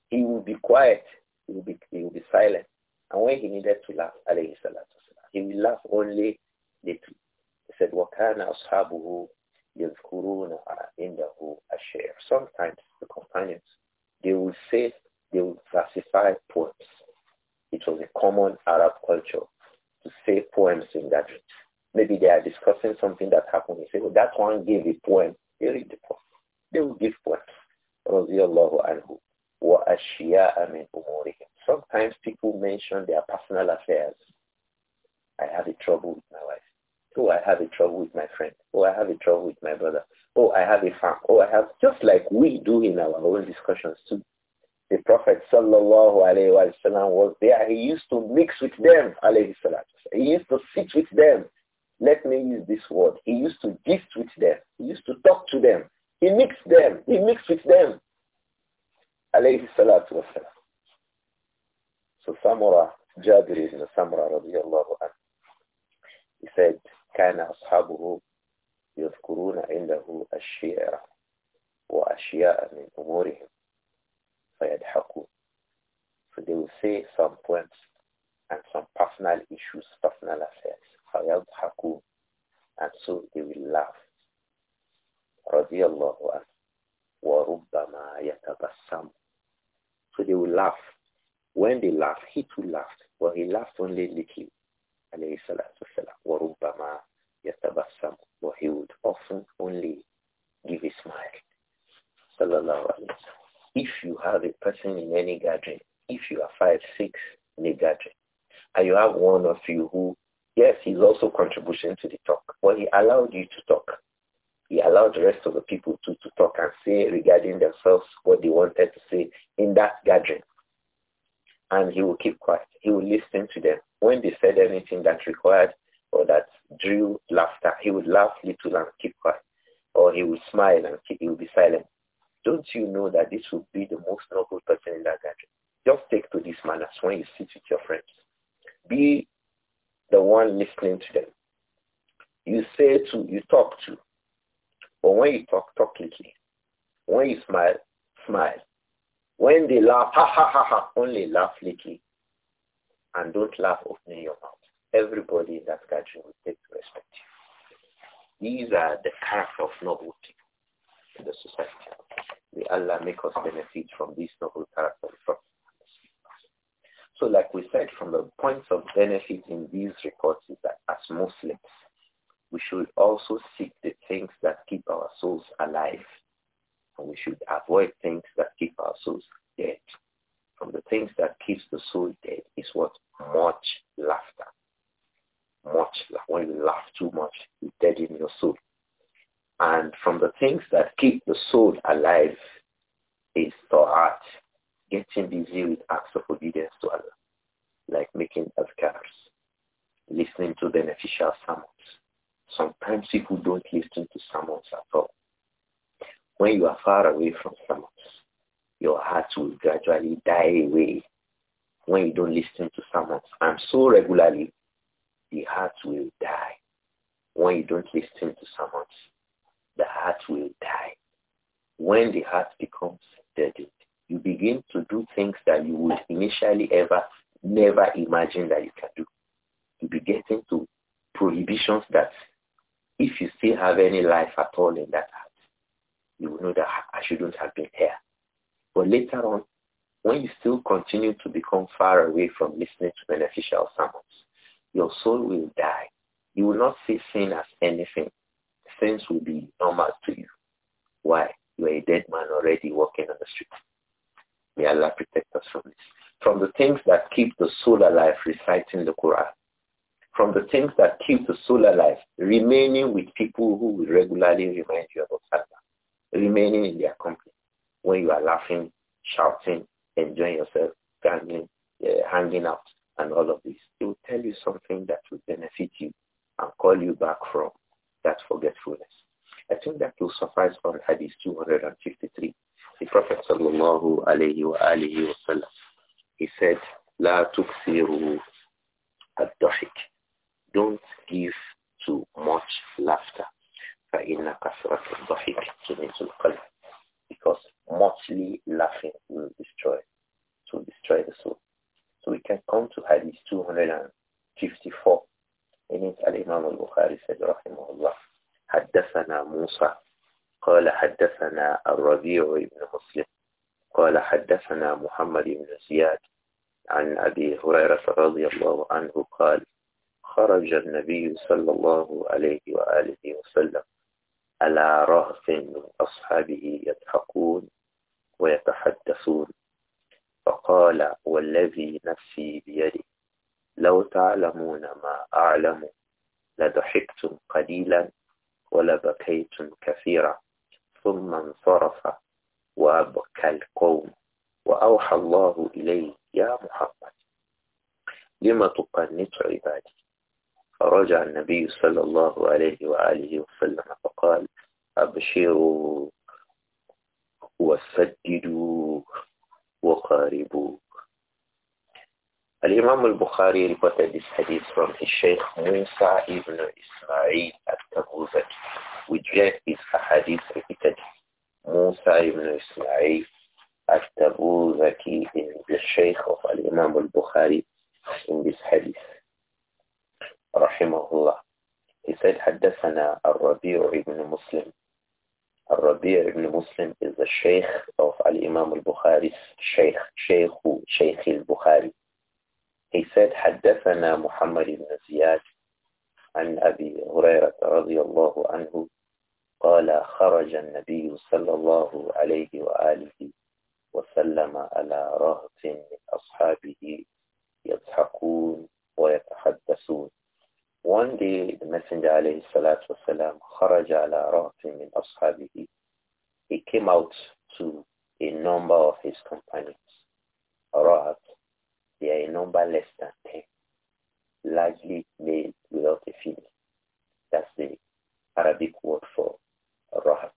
Speaker 2: He would be quiet. He would be, he would be silent. And when he needed to laugh, alayhi salatu wasallam, he would laugh only little. He said, وَكَانَ أَصْحَابُهُ يذكرونها عنده الشيخ. Sometimes the companions, they will say, they will classify poems. It was a common Arab culture to say poems in gatherings. Maybe they are discussing something that happened. They say, "Well, oh, that one gave a poem. They read the poem. They will give poems. Radiallahu anhu. Sometimes people mention their personal affairs. I had a trouble with my wife. Oh, I have a trouble with my friend. Oh, I have a trouble with my brother. Oh, I have a farm. Oh, I have, just like we do in our own discussions too. The Prophet sallallahu alaihi wasallam was there. He used to mix with them, alayhi He used to sit with them. Let me use this word. He used to gist with them. He used to talk to them. He mixed them. He mixed with them. Alayhi salatu wasalam. So Samura, Jabir ibn Samura radiallahu anhu, he said, كان أصحابه يذكرون عنده الشعر وأشياء من أمورهم فيضحكون So they will say some points and some personal issues, personal affairs. فيضحكون And so they will laugh. رضي الله عنه وربما يتبسم So they will laugh. When they laugh, he too laughed, but he laughed only little alayhi salatu wasalam, يَتَبَسَّمُ But he would often only give a smile. If you have a person in any gathering, if you are five, six in a gathering, and you have one of you who, yes, he's also contribution to the talk, but he allowed you to talk. He allowed the rest of the people to, to talk and say regarding themselves what they wanted to say in that gathering and he will keep quiet. He will listen to them. When they said anything that required or that drew laughter, he would laugh little and keep quiet. Or he would smile and keep, he would be silent. Don't you know that this would be the most noble person in that gathering? Just take to these manners when you sit with your friends. Be the one listening to them. You say to, you talk to. But when you talk, talk little. When you smile, smile. When they laugh, ha ha ha ha, only laugh little and don't laugh opening your mouth. Everybody in that gathering will take respect These are the character of noble people in the society. May Allah make us benefit from these noble characters. So like we said, from the points of benefit in these reports is that as Muslims, we should also seek the things that keep our souls alive and we should avoid things that keep our souls dead. From the things that keeps the soul dead is what? Much laughter. Much When you laugh too much, you deaden your soul. And from the things that keep the soul alive is thought, getting busy with acts of obedience to Allah, like making adhkars, listening to beneficial sermons. Sometimes people don't listen to sermons at all. When you are far away from someone, your heart will gradually die away when you don't listen to someone. And so regularly, the heart will die. When you don't listen to someone, the heart will die. When the heart becomes deadened, you begin to do things that you would initially ever, never imagine that you can do. You begin to prohibitions that if you still have any life at all in that heart, you will know that I shouldn't have been here. But later on, when you still continue to become far away from listening to beneficial sermons, your soul will die. You will not see sin as anything. Sins will be normal to you. Why? You are a dead man already walking on the street. May Allah protect us from this. From the things that keep the soul alive, reciting the Quran. From the things that keep the soul alive, remaining with people who will regularly remind you about Allah remaining in their company when you are laughing, shouting, enjoying yourself, gambling, uh, eh, hanging out, and all of this. It will tell you something that will benefit you and call you back from that forgetfulness. I think that will suffice on Hadith 253. The Prophet sallallahu alayhi wa alihi wa sallam, he said, La tuksiru ad Don't give too much laughter. فإن كثرة الضحك تميت القلب because mostly laughing will destroy to destroy the soul. So we can come to Hadith 254. In it, Al-Imam al-Bukhari said, الله حدثنا موسى قال حدثنا الربيع بن مسلم قال حدثنا محمد بن زياد عن أبي هريرة رضي الله عنه قال خرج النبي صلى الله عليه وآله وسلم على رهف من أصحابه يضحكون ويتحدثون فقال والذي نفسي بيده لو تعلمون ما أعلم لضحكتم قليلا ولبكيتم كثيرا ثم انصرف وأبكى القوم وأوحى الله إليه يا محمد لم تقنط عبادي فرجع النبي صلى الله عليه وآله وسلم فقال أبشروا وسددوا وقاربوا الإمام البخاري reported this hadith from his Sheikh Musa ibn Ismail al-Tabuzaki. We read this hadith repeated. Musa ibn Ismail al-Tabuzaki is the Sheikh of Al-Imam al-Bukhari in this hadith. rahimahullah. He said, حدثنا الربيع ibn Muslim. الربيع ibn Muslim is the Sheikh of Al-Imam al-Bukhari's Sheikh, Sheikh, Sheikh al-Bukhari. He said, حدثنا محمد بن زياد عن أبي هريرة رضي الله عنه قال خرج النبي صلى الله عليه وآله وسلم على رهط من أصحابه يضحكون ويتحدثون one day the Messenger alayhi salatu wasalam kharaja ala min ashabihi. He came out to a number of his companions. Ra'at, they are a number less than 10, largely male without a female. That's the Arabic word for Ra'at,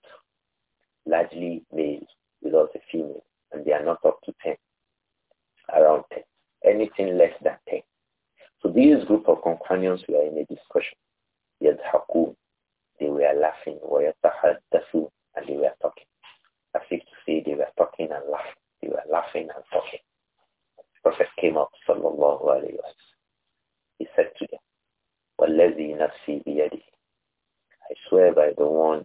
Speaker 2: largely male without a female, and they are not up to 10, around 10, anything less than 10. So these group of companions were in a discussion. they were laughing, and they were talking. As if to say they were talking and laughing. They were laughing and talking. The Prophet came up, sallallahu alayhi wa He said to them, وَالَّذِي نَفْسِي بِيَدِهِ I swear by the one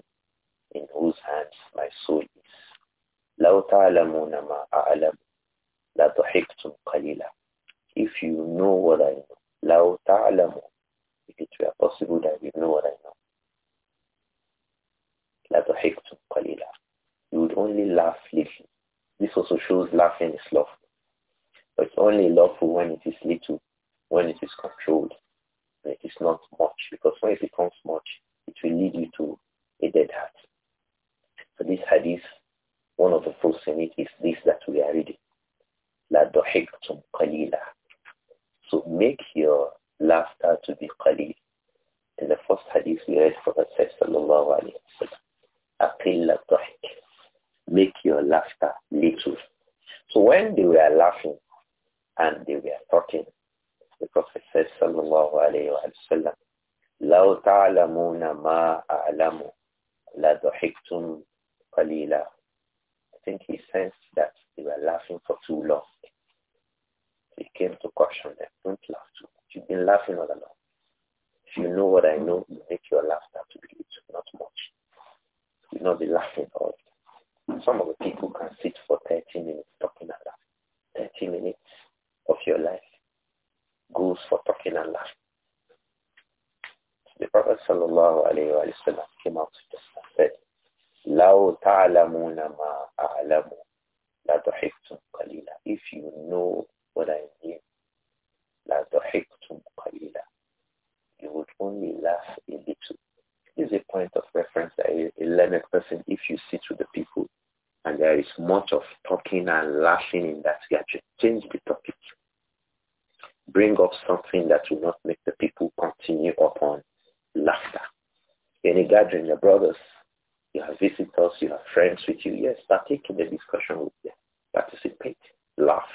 Speaker 2: in whose hands my soul is. لَوْ تَعْلَمُونَ مَا أَعْلَمُ لَا تُحِكْتُمْ قَلِيلًا If you know what I know, لو تعلم if it were possible that will know what I know لضحكت قليلا you would only laugh little this also shows laughing is lawful but it's only lawful when it is little when it is controlled when it is not much because when it becomes much it will lead you to a dead heart so this hadith one of the first in it is this that we are reading لضحكتم قليلا to make your laughter to be qalil. In the first hadith we read from the Prophet sallallahu alayhi wa sallam, make your laughter little. So when they were laughing and they were talking, the Prophet says, sallallahu alayhi wa sallam, لو تعلمون ما أعلم لضحكتم قليلا. I think he sensed that they were laughing for too long. He came to caution them. Don't laugh too much. You've been laughing all along. If you know what I know, you make your laughter to be little, not much. You'll not be laughing all Some of the people can sit for 30 minutes talking and laughing. 30 minutes of your life goes for talking and laughing. The Prophet sallallahu alayhi wa sallam came out to just said, لو تعلمون ما أعلم لا تحبتم قليلا If you know whether in him, la dahiktum qalila. You would only laugh a little. This is a point of reference that a, learned person, if you sit with the people and there is much of talking and laughing in that gathering, change the topic. Bring up something that will not make the people continue upon laughter. In a gathering, your brothers, you have visitors, you have friends with you. Yes, partake in the discussion with them. Participate. Laugh.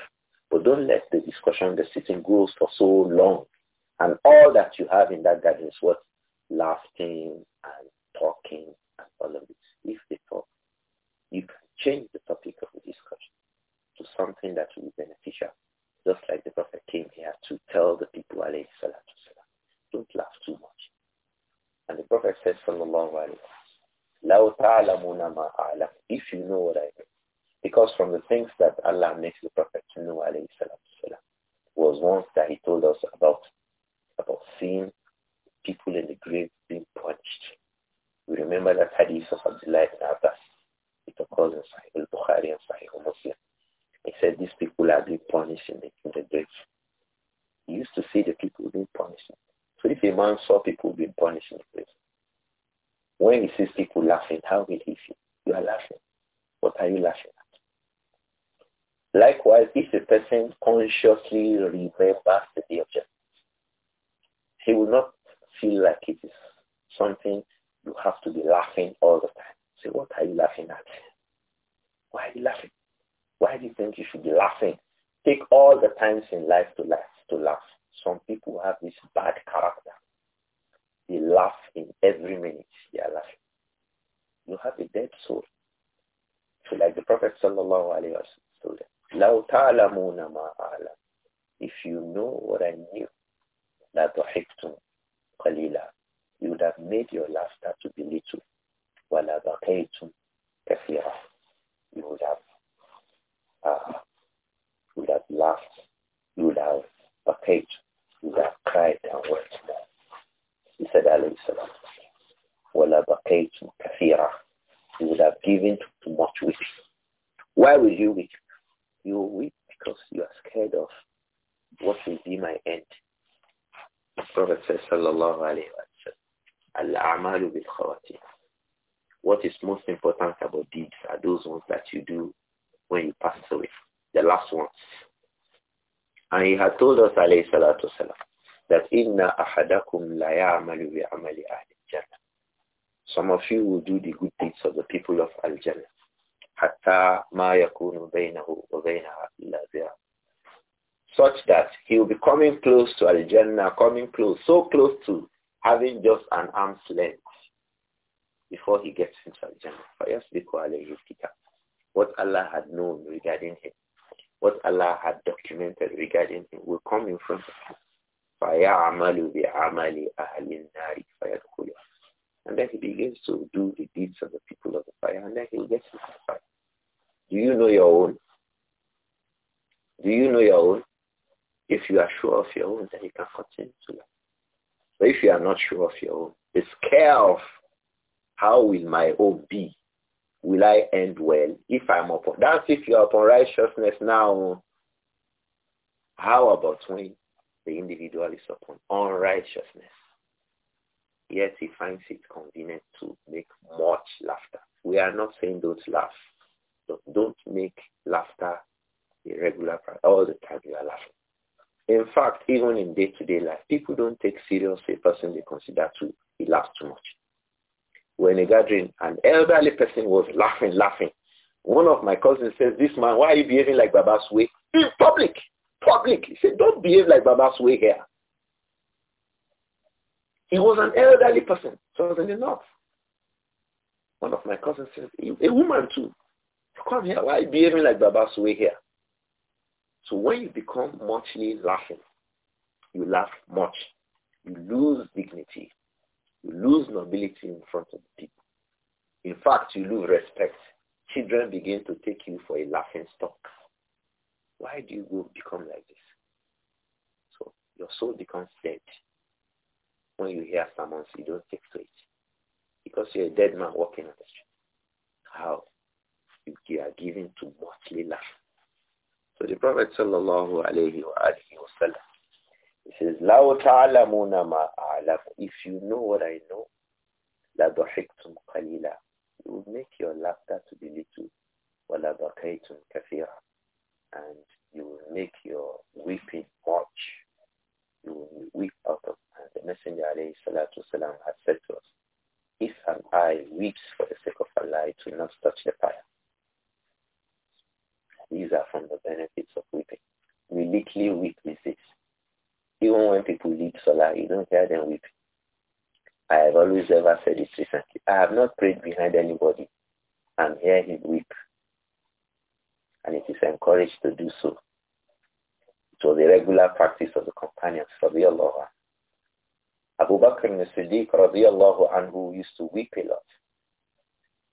Speaker 2: But don't let the discussion, the sitting goes for so long. And all that you have in that garden is what? Laughing and talking and all of this. If they talk, you can change the topic of the discussion to something that will be beneficial. Just like the Prophet came here to tell the people, alayhi salatu salam, don't laugh too much. And the Prophet said, sallallahu alayhi wa sallam, if you know what I because from the things that Allah makes the Prophet Nuh was once that he told us about about seeing people in the grave being punched. We remember that hadith of Abdullah ibn Abbas. It occurs in Sahih al-Bukhari and Sahih al-Muslim. He said these people are being punished in the, in the grave. He used to see the people being punished. So if a man saw people being punished in the grave, when he sees people laughing, how will he feel? You are laughing. What are you laughing? Likewise, if a person consciously remembers the day of judgment, he will not feel like it is something you have to be laughing all the time. Say, what are you laughing at? Why are you laughing? Why do you think you should be laughing? Take all the times in life to laugh, to laugh. Some people have this bad character. They laugh in every minute they are laughing. You have a dead soul. So like the Prophet Sallallahu Alaihi Wasallam told them, لو تعلمون ما أعلم if you know what I knew لضحكتم قليلا you would have made your laughter to be little ولبقيتم كثيرا you would have uh, would have laughed you would have بقيت you would have cried and wept more he said عليه السلام ولبقيتم كثيرا you would have given too to much weeping why will you weep you weep because you are scared of what will be my end. The Prophet says, sallallahu alayhi wa sallam, al bil What is most important about deeds are those ones that you do when you pass away, the last ones. And he had told us, alayhi salatu salam," that inna ahadakum la ya'malu bi 'amali ahli jannah. Some of you will do the good deeds of the people of Al-Jannah. حتى ما يكون بينه وبينها إلا such that he will be coming close to Al-Jannah, coming close, so close to having just an arm's length before he gets into Al-Jannah. What Allah had known regarding him, what Allah had documented regarding him will come in front of him. فَيَعْمَلُ بِعَمَلِ أَهْلِ النَّارِ and then he begins to do the deeds of the people of the fire, and then he gets into the fire. Do you know your own? Do you know your own? If you are sure of your own, then you can continue to learn. But if you are not sure of your own, the scare of how will my own be? Will I end well if I'm upon? That's if you are upon righteousness now. How about when the individual is upon unrighteousness? yes, he finds it convenient to make much laughter. We are not saying don't laugh. don't make laughter a regular practice. All the time you are laughing. In fact, even in day-to-day -day life, people don't take seriously a person they consider to he laughs too much. When a gathering, an elderly person was laughing, laughing. One of my cousins says, this man, why are you behaving like Baba's way? In public, public. He said, don't behave like Baba's way here. He was an elderly person. I was in the north. One of my cousins said, a woman too. come here, why are you behaving like babas way here? So when you become muchly laughing, you laugh much. You lose dignity. You lose nobility in front of people. In fact, you lose respect. Children begin to take you for a laughing stock. Why do you go become like this? So your soul becomes dead when you hear sermons, you don't take to it. Because you're a dead man walking on the street. How? You are given to mortally laugh? So the Prophet sallallahu alayhi wa wa sallam, he says, لَوْ تَعْلَمُونَ مَا أَعْلَمُ If you know what I know, لَضَحِكْتُمْ قَلِيلًا You would make your laughter to be little, وَلَضَحِكْتُمْ كَثِيرًا And you will make your weeping much. You will weep out of the Messenger alayhi salatu wasalam had said to us, if an eye weeps for the sake of Allah, it will not touch the fire. These are from the benefits of weeping. We literally weep this. Even when people leave Salah, you don't hear them weep. I have always ever said this recently. I have not prayed behind anybody and hear him weep. And it is encouraged to do so. It was a regular practice of the companions, Allah Abu Bakr as-Siddiq radiallahu anhu used to weep a lot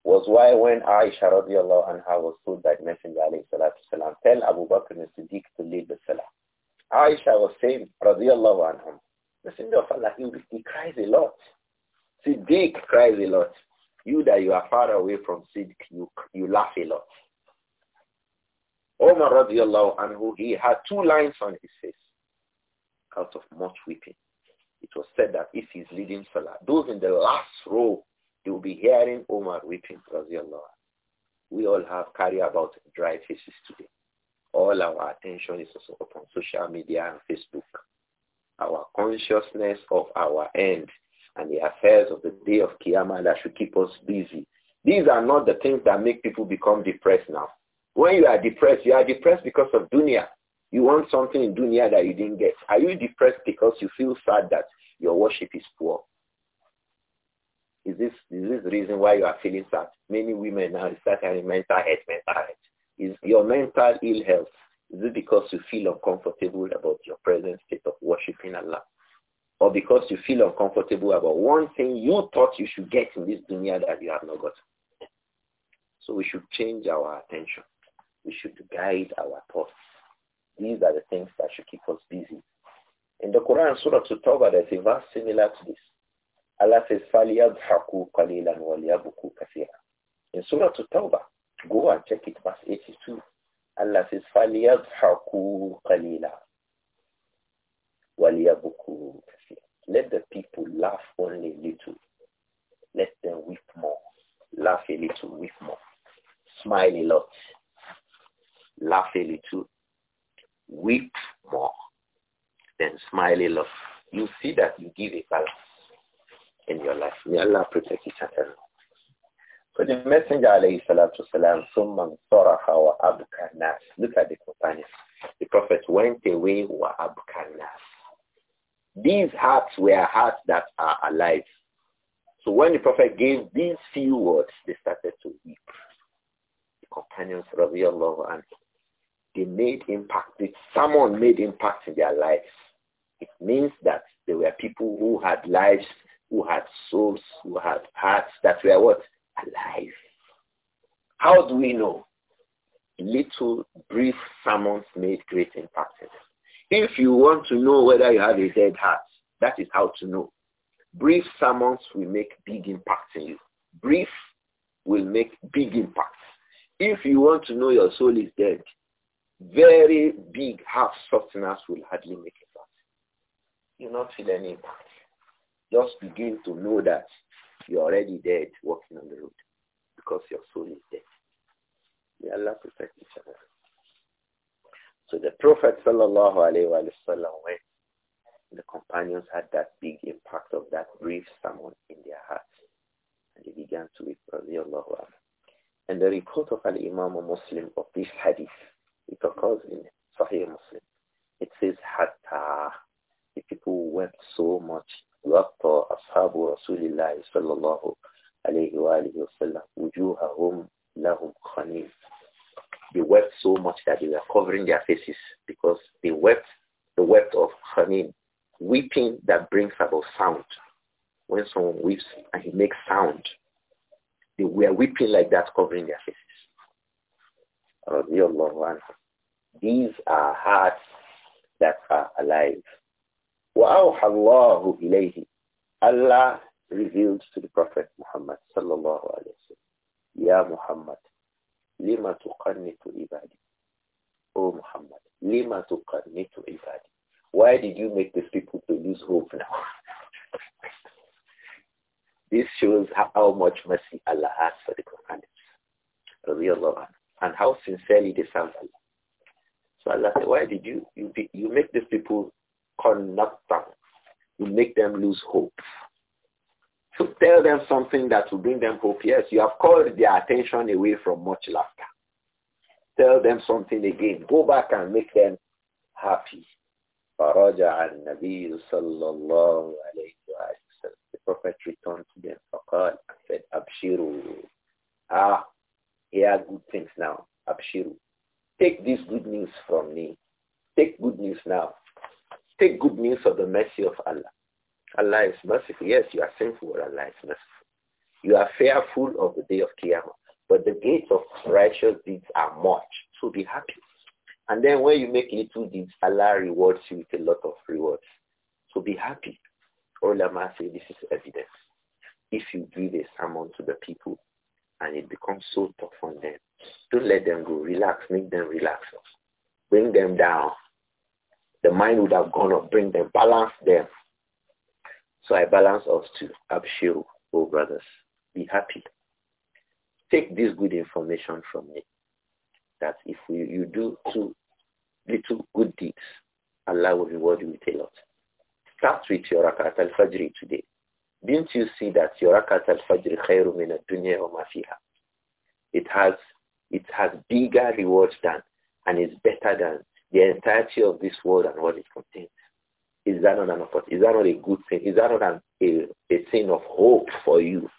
Speaker 2: was why when Aisha radiallahu anha was told by Messenger alayhi salatu salam, tell Abu Bakr and Siddiq to lead the salah. Aisha was saying, radiallahu anhum, Messenger of Allah, he, he cries a lot. Siddiq cries a lot. You that you are far away from Siddiq, you, you laugh a lot. Omar radiallahu anhu, he had two lines on his face out of much weeping it was said that if he's leading Salah, those in the last row, they will be hearing Omar weeping, Allah. We all have carry about dry faces today. All our attention is also upon social media and Facebook. Our consciousness of our end and the affairs of the day of Qiyamah that should keep us busy. These are not the things that make people become depressed now. When you are depressed, you are depressed because of dunya. You want something in dunya that you didn't get. Are you depressed because you feel sad that your worship is poor? Is this, is this the reason why you are feeling sad? Many women now are having mental health, mental health. Is your mental ill health, is it because you feel uncomfortable about your present state of worshiping Allah? Or because you feel uncomfortable about one thing you thought you should get in this dunya that you have not got? So we should change our attention. We should guide our thoughts these are the things that should keep us busy. In the Quran, Surah At-Tawbah, there's a verse similar to this. Allah says, فَلْيَضْحَكُوا قَلِيلًا وَلْيَبُكُوا كَثِيرًا In Surah At-Tawbah, go and check it, verse 82. Allah says, فَلْيَضْحَكُوا قَلِيلًا وَلْيَبُكُوا كَثِيرًا Let the people laugh only a little. Let them weep more. Laugh a little, weep more. Smile a lot. Laugh a little, weep more than smiley love. You see that you give a balance in your life. May Allah protect each other. So the Messenger alayhi salatu salam, summan saraha wa abka nas. Look at the companions. The Prophet went away wa abka nas. These hearts were hearts that are alive. So when the Prophet gave these few words, they started to weep. The companions, radiallahu anhu, they made impact. Someone made impact in their lives. It means that there were people who had lives, who had souls, who had hearts that were what? Alive. How do we know? Little brief sermons made great impact. If you want to know whether you have a dead heart, that is how to know. Brief sermons will make big impacts in you. Brief will make big impacts. If you want to know your soul is dead, very big half softeners will hardly make a impact. You not feel any impact. Just begin to know that you're already dead walking on the road because your soul is dead. May Allah protect each other. So the Prophet sallallahu alayhi wasallam went. The companions had that big impact of that brief sermon in their hearts, and they began to weep. And the report of an Imam Muslim of this hadith it occurs in Sahih Muslim. It says, Hatta. The people wept so much. وَقْتَ أَصْحَابُ رَسُولِ اللَّهِ صَلَّى اللَّهُ عَلَيْهِ وَآلِهِ وَسَلَّمُ وُجُوهَهُم لَهُمْ خَنِيمٌ They wept so much that they were covering their faces because they wept the wept of Khanim, weeping that brings about sound. When someone weeps and he makes sound, they were weeping like that covering their faces. These are hearts that are alive. وأوحى الله إليه Allah revealed to the Prophet Muhammad صلى الله عليه وسلم يا محمد لما تقنط Muhammad لما تقنط Why did you make these people to lose hope now? this shows how much mercy Allah has for the companions and how sincerely they serve Allah. So Allah said, why did you, you, you make these people connect down? You make them lose hope. So tell them something that will bring them hope. Yes, you have called their attention away from much laughter. Tell them something again. Go back and make them happy. فرجع النبي صلى الله عليه وسلم The Prophet returned to them فقال said Abshiru. Ah, hear good things now. Abshiru. Take this good news from me. Take good news now. Take good news of the mercy of Allah. Allah is merciful. Yes, you are sinful, Allah is merciful. You are fearful of the day of Qiyamah. But the gates of righteous deeds are much. So be happy. And then when you make little deeds, Allah rewards you with a lot of rewards. So be happy. Ulama say this is evidence. If you give a sermon to the people, and it becomes so tough on them. Don't let them go. Relax. Make them relax. Bring them down. The mind would have gone up. Bring them. Balance them. So I balance us to Abshir, oh brothers. Be happy. Take this good information from me. That if we, you do two little good deeds, Allah will reward you with a lot. Start with your Rakat al-Fajr today. Didn't you see that your rakat al-fajr khayrun min ad-dunya wa It has it has bigger rewards than and is better than the entirety of this world and what it contains. Is that not an effort? Is that not a good thing? Is that not an, a, a thing of hope for you?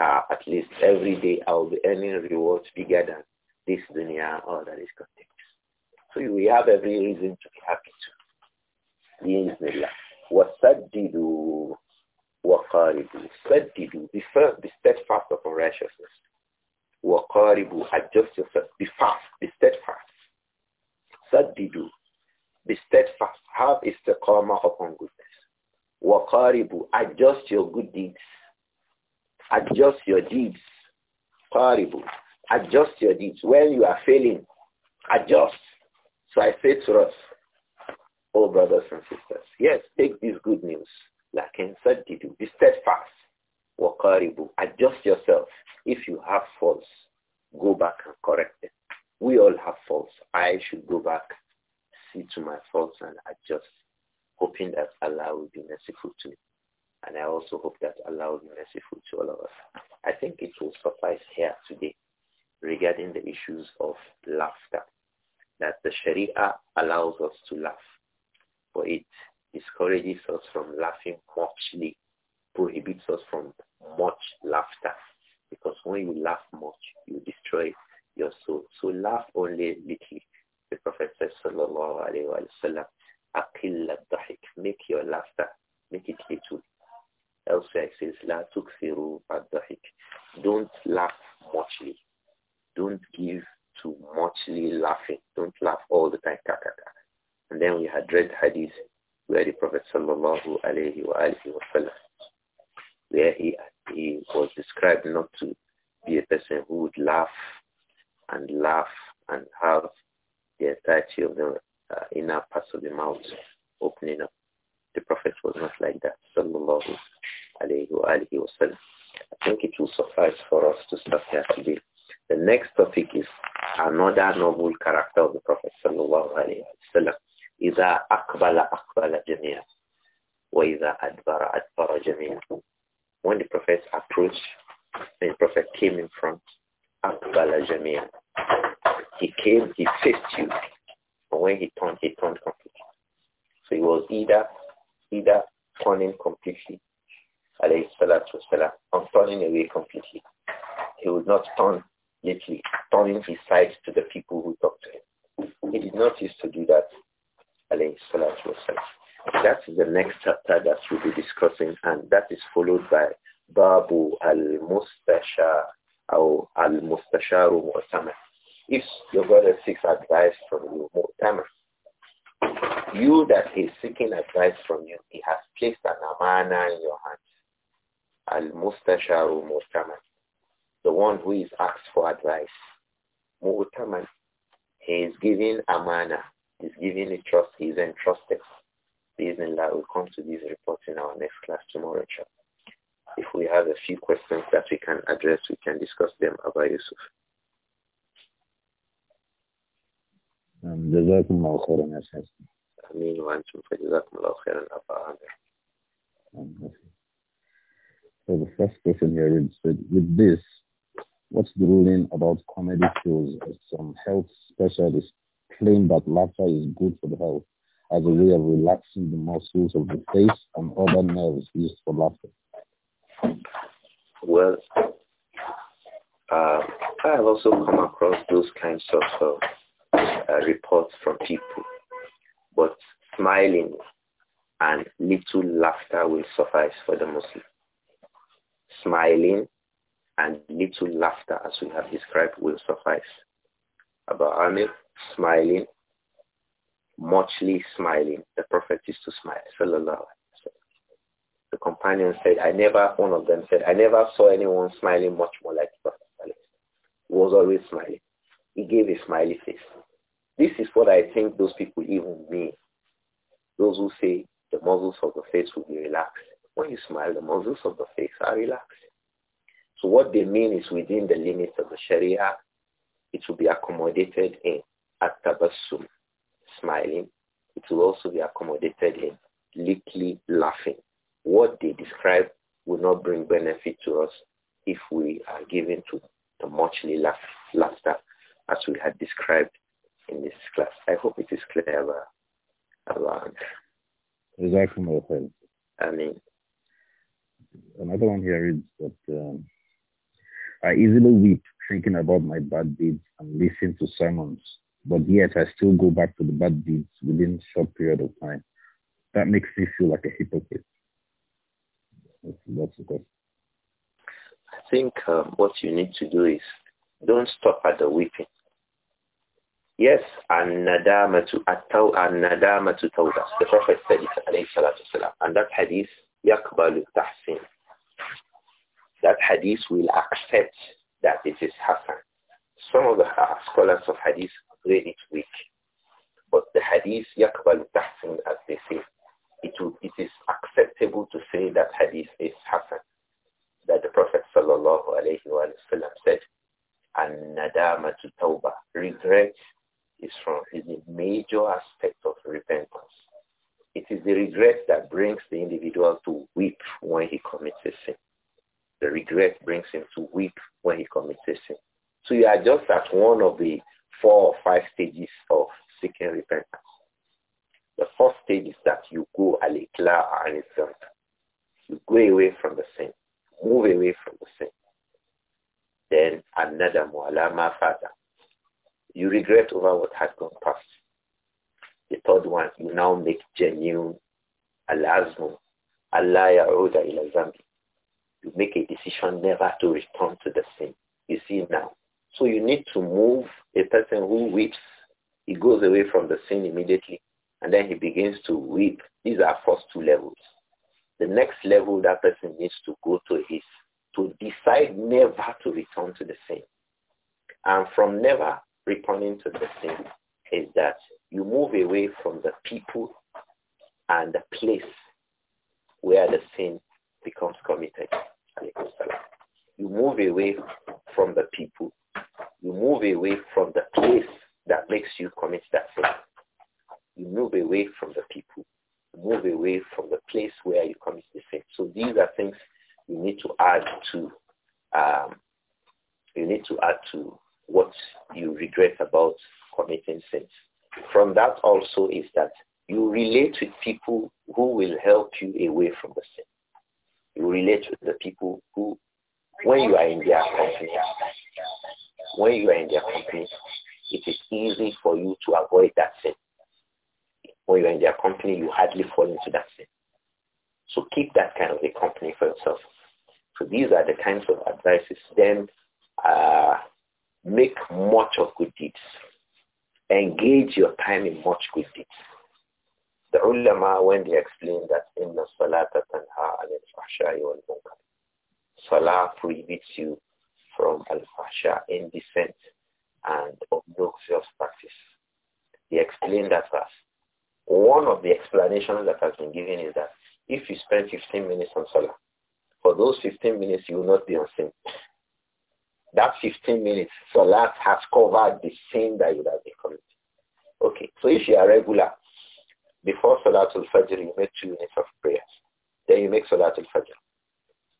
Speaker 2: Uh, at least every day I will be earning rewards bigger than this dunya or that is contained. So we have every reason to be happy too. بإذن الله وسددوا وَقَارِبُوا سَدِّدُوا Be firm, be steadfast upon righteousness. وَقَارِبُوا Adjust yourself. Be fast, be steadfast. سَدِّدُوا Be steadfast. Have istiqamah upon goodness. وَقَارِبُوا Adjust your good deeds. Adjust your deeds. قَارِبُوا Adjust your deeds. When you are failing, adjust. So I say to us, all oh brothers and sisters, yes, take this good news Lakin saddidu, be steadfast. Waqaribu, adjust yourself. If you have faults, go back and correct them. We all have faults. I should go back, see to my faults and adjust, hoping that Allah will be merciful to me. And I also hope that Allah will be merciful to all of us. I think it will suffice here today regarding the issues of laughter, that the Sharia allows us to laugh, but it discourages us from laughing muchly, prohibits us from much laughter. Because when you laugh much, you destroy your soul. So laugh only little. The Prophet says, Sallallahu Alaihi Wasallam, Aqil al-dahik, make your laughter, make it little. Elsewhere it says, La tuksiru al-dahik, don't laugh muchly. Don't give too muchly laughing. Don't laugh all the time. ka And then we had read hadith where the Prophet sallallahu alayhi wa alihi wasallam, where he, he was described not to be a person who would laugh and laugh and have the entirety of the uh, inner parts of the mouth opening up. The Prophet was not like that, sallallahu alayhi wa alihi wasallam. I think it will suffice for us to stop here today. The next topic is another noble character of the Prophet sallallahu alayhi wa sallam. إذا أقبل أقبل جميعا وإذا أدبر أدبر جميعا When the prophet approached, when the prophet came in front, أقبل جميعا He came, he faced you. And when he turned, he turned completely. So he was either, either turning completely, alayhi salatu wasalam, or turning away completely. He would not turn literally, turning his side to the people who talked to him. He did not used to do that that is the next chapter that we'll be discussing, and that is followed by Babu al-Mustashar or al-Mustasharu Mu'tamar. If your brother seeks advice from you, Mu'tamar, you that is seeking advice from you, he has placed an amana in your hands. Al-Mustasharu Mu'tamar. The one who is asked for advice. Mu'tamar. He is giving amana is giving a trust, he is entrusted. Bismillah, we'll come to these reports in our next class tomorrow, inshallah. If we have a few questions that we can address, we can discuss them about Yusuf.
Speaker 1: Um, um, so the first question here is with this, what's the ruling about comedy shows? Some health specialists claim that laughter is good for the health as a way of relaxing the muscles of the face and other nerves used for laughter?
Speaker 2: Well, uh, I have also come across those kinds of uh, uh, reports from people, but smiling and little laughter will suffice for the Muslim. Smiling and little laughter, as we have described, will suffice. About Amir, smiling, muchly smiling. The Prophet used to smile, sallallahu The companion said, I never, one of them said, I never saw anyone smiling much more like the Prophet. He was always smiling. He gave a smiley face. This is what I think those people even mean. Those who say the muscles of the face will be relaxed. When you smile, the muscles of the face are relaxed. So what they mean is within the limits of the Sharia, it will be accommodated in at-tabassum, smiling. It will also be accommodated in leakly laughing. What they describe will not bring benefit to us if we are given to the muchly laugh, laughter as we had described in this class. I hope it is clear about
Speaker 1: Jazakumullah. I mean, another one here is that um, I easily weep thinking about my bad deeds and listen to sermons but yet I still go back to the bad deeds within a short period of time. That makes me feel like a hypocrite. That's, that's the question.
Speaker 2: I think um, what you need to do is don't stop at the weeping. Yes, an-nadama to ataw an-nadama to The Prophet said it, And that hadith, yakbalu tahsin. That hadith will accept one of the four or five stages of seeking repentance. The first stage is that you go alikla and You go away from the sin. Move away from the sin. Then another mu'alama father. You regret over what has gone past. The third one, you now make genuine al-azmu. Allah ya'uda ila zambi. You make a decision never to return sin immediately, and then he begins to weep. These are first two levels. The next level that person needs to go to is to decide never to return to the sin. And from never returning to the sin is that you move away from the people for those 15 minutes you will not be on That 15 minutes, Salat has covered the sin that you have been committing. Okay, so if you are regular, before Salatul Fajr, you make two minutes of prayers. Then you make Salatul Fajr.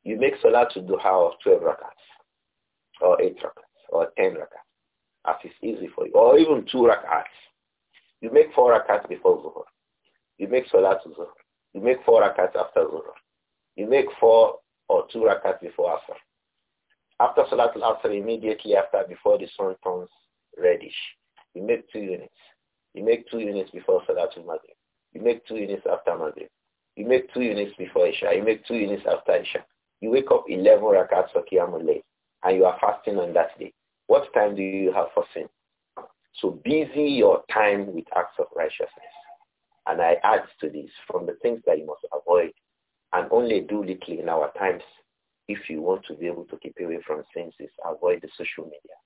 Speaker 2: You make Salatul Duha of 12 rakats, or 8 rakats, or 10 rakats, as is easy for you, or even 2 rakats. You make 4 rakats before Zuhur. You make Salatul Zuhur. You make 4 rakats after Zuhur. You make 4 or two rakat before Asr. After Salatul Asr, immediately after, before the sun turns reddish, you make two units. You make two units before Salatul Maghrib. You make two units after Maghrib. You make two units before Isha. You make two units after Isha. You wake up 11 rakats for Qiyamul Layl and you are fasting on that day. What time do you have for sin? So busy your time with acts of righteousness. And I add to this, from the things that you must avoid and only do little in our times if you want to be able to keep away from sins is avoid the social media.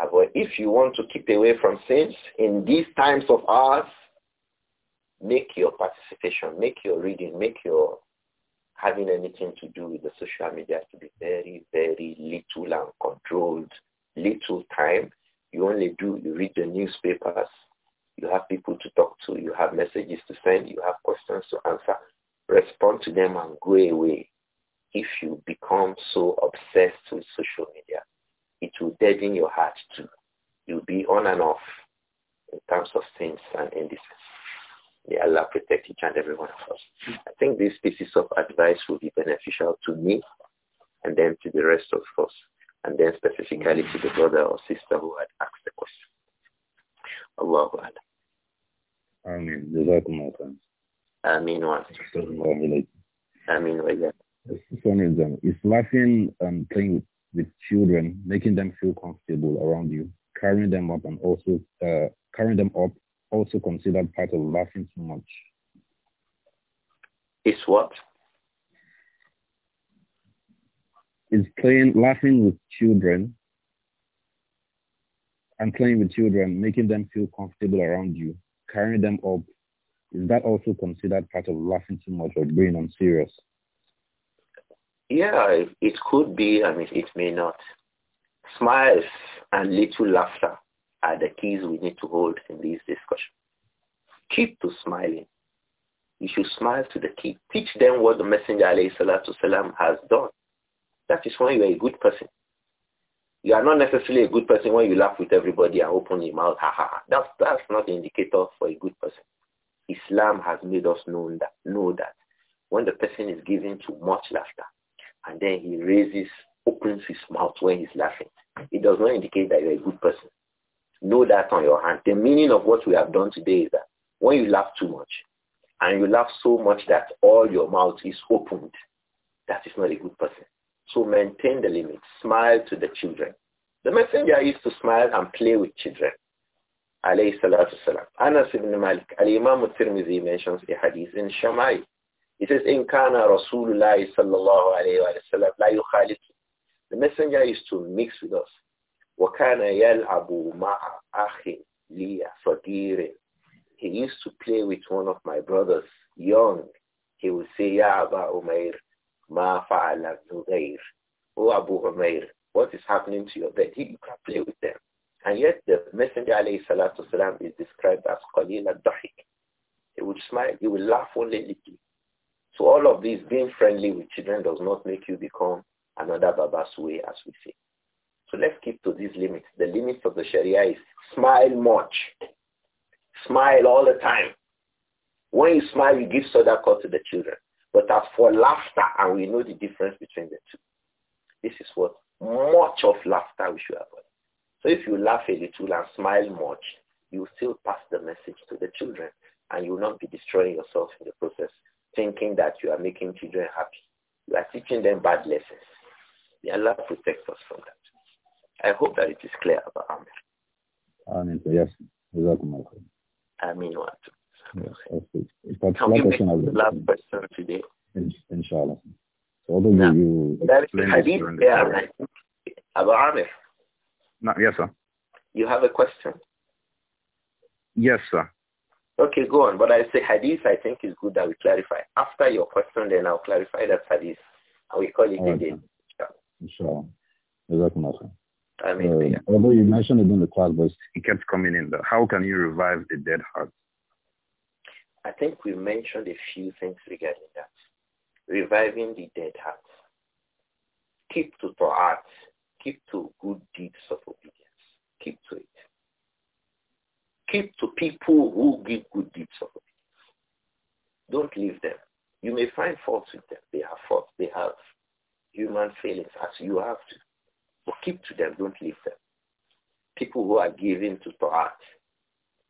Speaker 2: Avoid. If you want to keep away from sins in these times of ours, make your participation, make your reading, make your having anything to do with the social media to be very, very little and controlled, little time. You only do, you read the newspapers, you have people to talk to, you have messages to send, you have questions to answer respond to them and go away. If you become so obsessed with social media, it will deaden your heart too. You'll be on and off in terms of things and indices. May Allah protect each and every one of us. I think these pieces of advice will be beneficial to me and then to the rest of us, and then specifically to the brother or sister who had asked the question. Allahu Akbar. Ameen. Amin wa.
Speaker 1: Amin wa. Son is laughing and um, playing with, with children, making them feel comfortable around you, carrying them up, and also uh, carrying them up, also considered part of laughing too much. It's what? Is playing, laughing with children, and playing with children, making them feel comfortable around you, carrying them up, is that also considered part of laughing too much or being unserious?
Speaker 2: Yeah, it, it could be. I mean, it may not. Smiles and little laughter are the keys we need to hold in this discussion. Keep to smiling. You should smile to the kids. Teach them what the Messenger والسلام, has done. That is when you are a good person. You are not necessarily a good person when you laugh with everybody and open your mouth. Ha ha. That's, that's not the indicator for a good person. Islam has made us know that, know that when the person is given too much laughter and then he raises, opens his mouth when he's laughing, it does not indicate that you're a good person. Know that on your hand. The meaning of what we have done today is that when you laugh too much and you laugh so much that all your mouth is opened, that is not a good person. So maintain the limit. Smile to the children. The messenger used to smile and play with children alayhi salatu salam. Anas ibn Malik, al-Imam al-Tirmidhi mentions a hadith in Shamai. It says, in kana Rasulullah sallallahu alayhi wa sallam la yukhalifu. The messenger is to mix with us. He used to play with one of my brothers, young. He would say, يَا أَبَا أُمَيْرٍ مَا فَعَلَ الزُّغَيْرٍ Oh Abu Umair, what is happening to your bed? He, you can play with them. And yet the Messenger alayhi salatu salam is described as Qalil al-Dahik. He would smile, he would laugh only little. So all of these, being friendly with children does not make you become another Baba's way as we say. So let's keep to these limits. The limits of the Sharia is smile much. Smile all the time. When you smile, you give sadaqah to the children. But as for laughter, and we know the difference between the two, this is what much of laughter we should avoid. So if you laugh a little and smile much, you still pass the message to the children and you will not be destroying yourself in the process, thinking that you are making children happy. You are teaching them bad lessons. May Allah protect us from that. I hope that it is clear about Amir. Amen. Yes. Amen. Yes, Can the last question today? Inshallah. So although yeah. you, you hadith there, right? Abu Amir. No, yes, sir. You have a question? Yes, sir. Okay, go on. But I say hadith, I think is good that we clarify. After your question, then I'll clarify that hadith. And we call it again. a day.
Speaker 1: Inshallah. I mean, uh, although you mentioned it in the class, but it kept coming in.
Speaker 2: How can you revive the dead heart? I think we mentioned a few things regarding that. Reviving the dead heart. Keep to Torah. Keep to good deeds of obedience. Keep to it. Keep to people who give good deeds of obedience. Don't leave them. You may find faults with them. They have faults. They have human failings as you have to. But keep to them. Don't leave them. People who are given to Torah,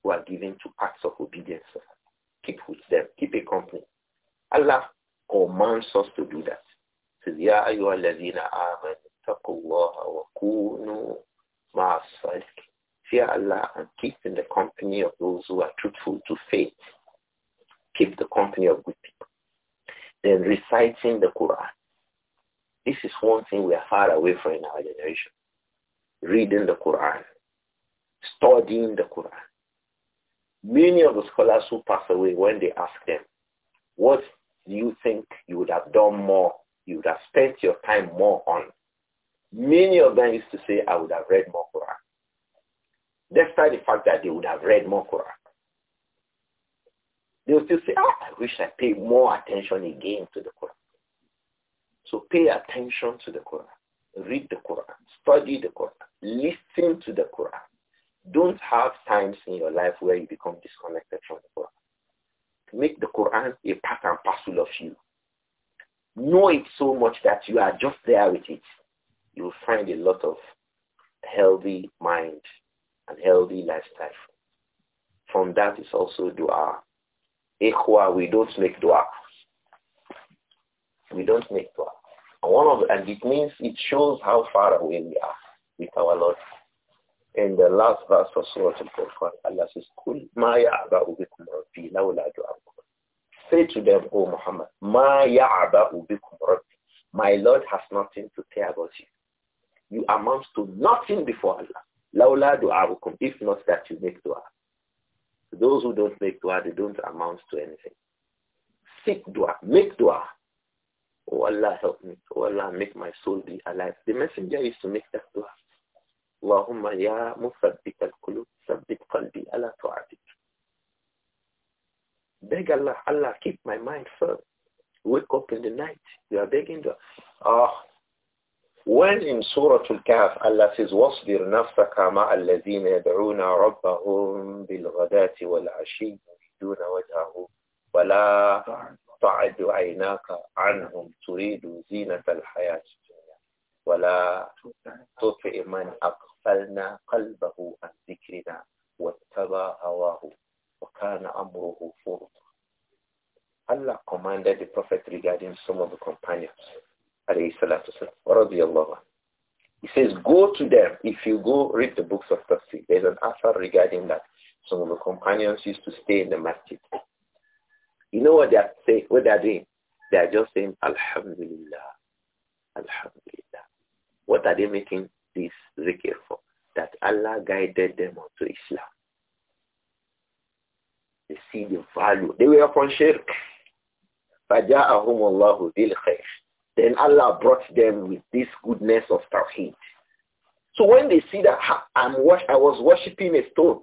Speaker 2: who are given to acts of obedience, keep with them. Keep a company. Allah commands us to do that. Says, Ya ayyuha alladhina amanu اتقوا الله وكونوا مع الصادق Fear Allah and keep in the company of those who are truthful to faith. Keep the company of good people. Then reciting the Quran. This is one thing we are far away from in our generation. Reading the Quran. Studying the Quran. Many of the scholars who pass away, when they ask them, what do you think you would have done more? You would have spent your time more on Many of them used to say, I would have read more Quran. Despite the fact that they would have read more Quran. They would still say, oh, I wish I paid more attention again to the Quran. So pay attention to the Quran. Read the Quran. Study the Quran. Listen to the Quran. Don't have times in your life where you become disconnected from the Quran. Make the Quran a part and parcel of you. Know it so much that you are just there with it you will find a lot of healthy mind and healthy lifestyle. From that is also dua. Ikhwa, we don't make dua. We don't make dua. And one of and it means it shows how far away we are with our Lord. In the last verse of Surah Al-Qur'an, Allah says, "Kul ma ya'ba'u bikum rabbi lawla du'akum." Say to them, O Muhammad, ma ya'ba'u bikum rabbi. My Lord has nothing to say about you you amount to nothing before Allah. Laula du'a'ukum, if not that you make dua. Those who don't make dua, they don't amount to anything. Seek dua, make dua. Oh Allah help me. Oh Allah make my soul be alive. The messenger used to make that dua. Allahumma ya musabbiq al-qulub, thabbit qalbi ala tu'atik. Beg Allah, Allah keep my mind firm. Wake up in the night. You are begging dua. oh, when in Surah Al-Kahf, Allah says, وَاصْبِرْ نَفْسَكَ مَعَ الَّذِينَ يَدْعُونَ رَبَّهُمْ بِالْغَدَاةِ وَالْعَشِيِّ يُرِيدُونَ وَجْهَهُ وَلَا تعد عيناك عنهم تريد زينة الحياة الدنيا ولا تطع من أغفلنا قلبه عن ذكرنا واتبع هواه وكان أمره فرطا Allah commanded the Prophet regarding some of the companions alayhi He says, go to them. If you go read the books of tafsir, there's an answer regarding that. Some of the companions used to stay in the masjid. You know what they are saying, what they are doing? They are just saying, Alhamdulillah, Alhamdulillah. What are they making this zikr for? That Allah guided them unto Islam. They see the value. They were upon shirk. فَجَاءَهُمُ اللَّهُ بِالْخَيْرِ then Allah brought them with this goodness of Tawheed. So when they see that I'm I was worshipping a stone,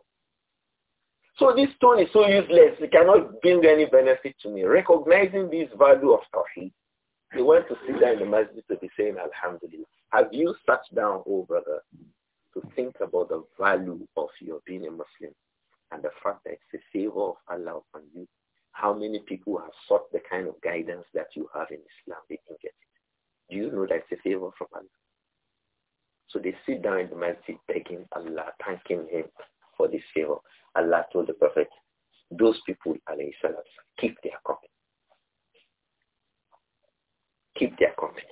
Speaker 2: so this stone is so useless, it cannot bring any benefit to me. Recognizing this value of Tawheed, they went to sit down in the masjid to be saying, Alhamdulillah. Have you sat down, oh brother, to think about the value of your being a Muslim and the fact that it's a favor of Allah upon you how many people have sought the kind of guidance that you have in Islam? They didn't get it. Do you know that's a favor from Allah? So they sit down in the masjid begging Allah, thanking him for this favor. Allah told the Prophet, those people, alayhi salam, keep their company. Keep their company.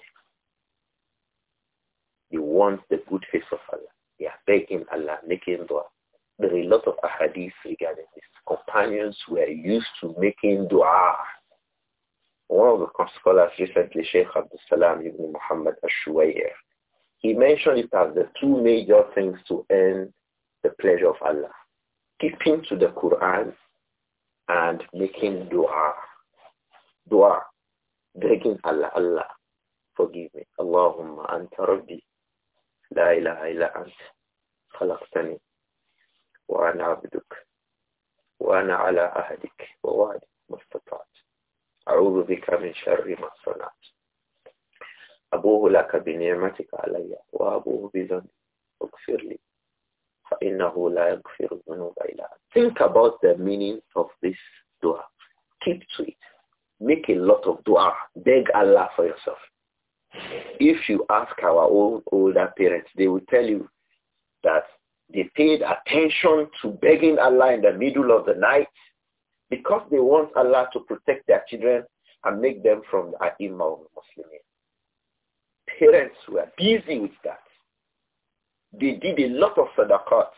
Speaker 2: They want the good face of Allah. They are begging Allah, making dua. There are a lot of ahadith regarding this. Companions were used to making dua. One of the scholars recently, Sheikh Abdul Salam ibn Muhammad Ashwayer, he mentioned it as the two major things to earn the pleasure of Allah. Keeping to the Quran and making dua. Dua. Begging Allah, Allah, forgive me. Allahumma anta rabbi. La ilaha illa anta. خلقتني وأنا عبدك وأنا على ما استطعت أعوذ بك من شر ما صنعت أبوه لك بنعمتك علي وأبوه بذنبي اغفر لي فإنه لا يغفر الذنوب إلا Think about the meaning of this dua. Keep to it. Make a lot of dua. Beg Allah for yourself. If you ask our own older parents, they will tell you that they paid attention to begging Allah in the middle of the night because they want Allah to protect their children and make them from the Imam Parents were busy with that. They did a lot of sadaqat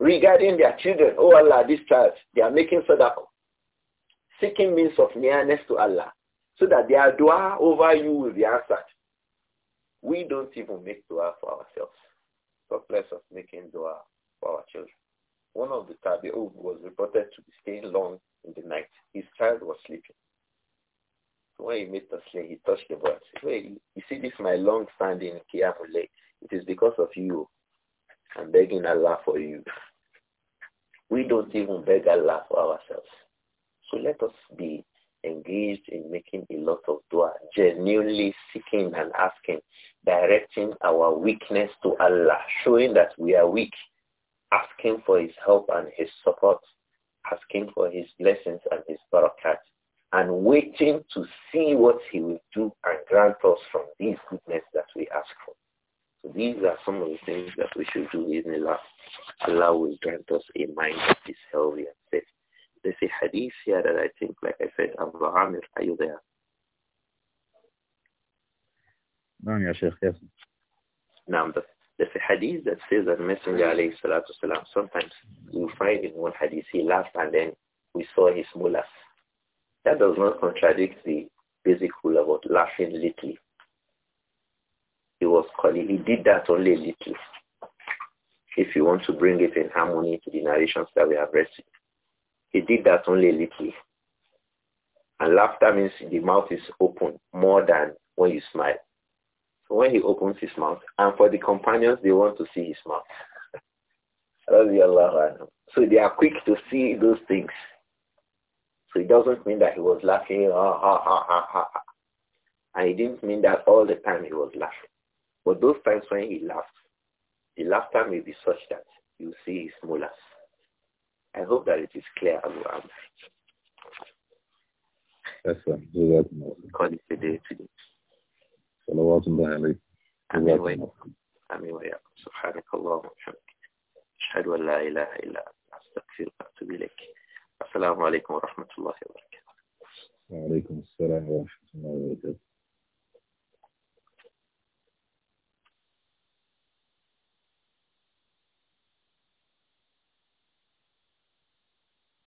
Speaker 2: regarding their children. Oh Allah, this child, they are making sadaqah, seeking means of nearness to Allah so that their dua over you will be answered. We don't even make dua for ourselves. God bless us making dua for our children. One of the tabi'ud was reported to be staying long in the night. His child was sleeping. So when he made the sleep, he touched the boy. He said, hey, you see this my long standing Kiyamule? It is because of you. I'm begging Allah for you. We don't even beg Allah for ourselves. So let us be engaged in making a lot of dua, genuinely seeking and asking directing our weakness to Allah, showing that we are weak, asking for his help and his support, asking for his blessings and his barakat, and waiting to see what he will do and grant us from these goodness that we ask for. So these are some of the things that we should do in Allah. Allah will grant us a mind that is healthy and safe. There's a hadith here that I think, like I said, Abu are you there.
Speaker 1: نعم يا شيخ yes.
Speaker 2: the, hadith that says that Messenger alayhi salatu salam, sometimes you find in one hadith he laughed and then we saw his mullahs. That does not contradict the basic rule about laughing little. He was calling, he did that only a little. If you want to bring it in harmony to the narrations that we have read, he did that only a little. And laughter means the mouth is open more than when you smile. So when he opens his mouth, and for the companions, they want to see his mouth. so they are quick to see those things. So it doesn't mean that he was laughing, ha, ha, ha, ha, ha. And it didn't mean that all the time he was laughing. But those times when he laughed, the laughter may be such that you see his molars. I hope that it is clear, Abu Amr.
Speaker 1: That's right. Call it a day
Speaker 2: today. صلوات الله عليه آمين وإياكم سبحانك اللهم وبحمدك أشهد أن لا إله إلا أنت أستغفرك وأتوب إليك السلام عليكم ورحمة الله وبركاته
Speaker 1: وعليكم السلام ورحمة الله وبركاته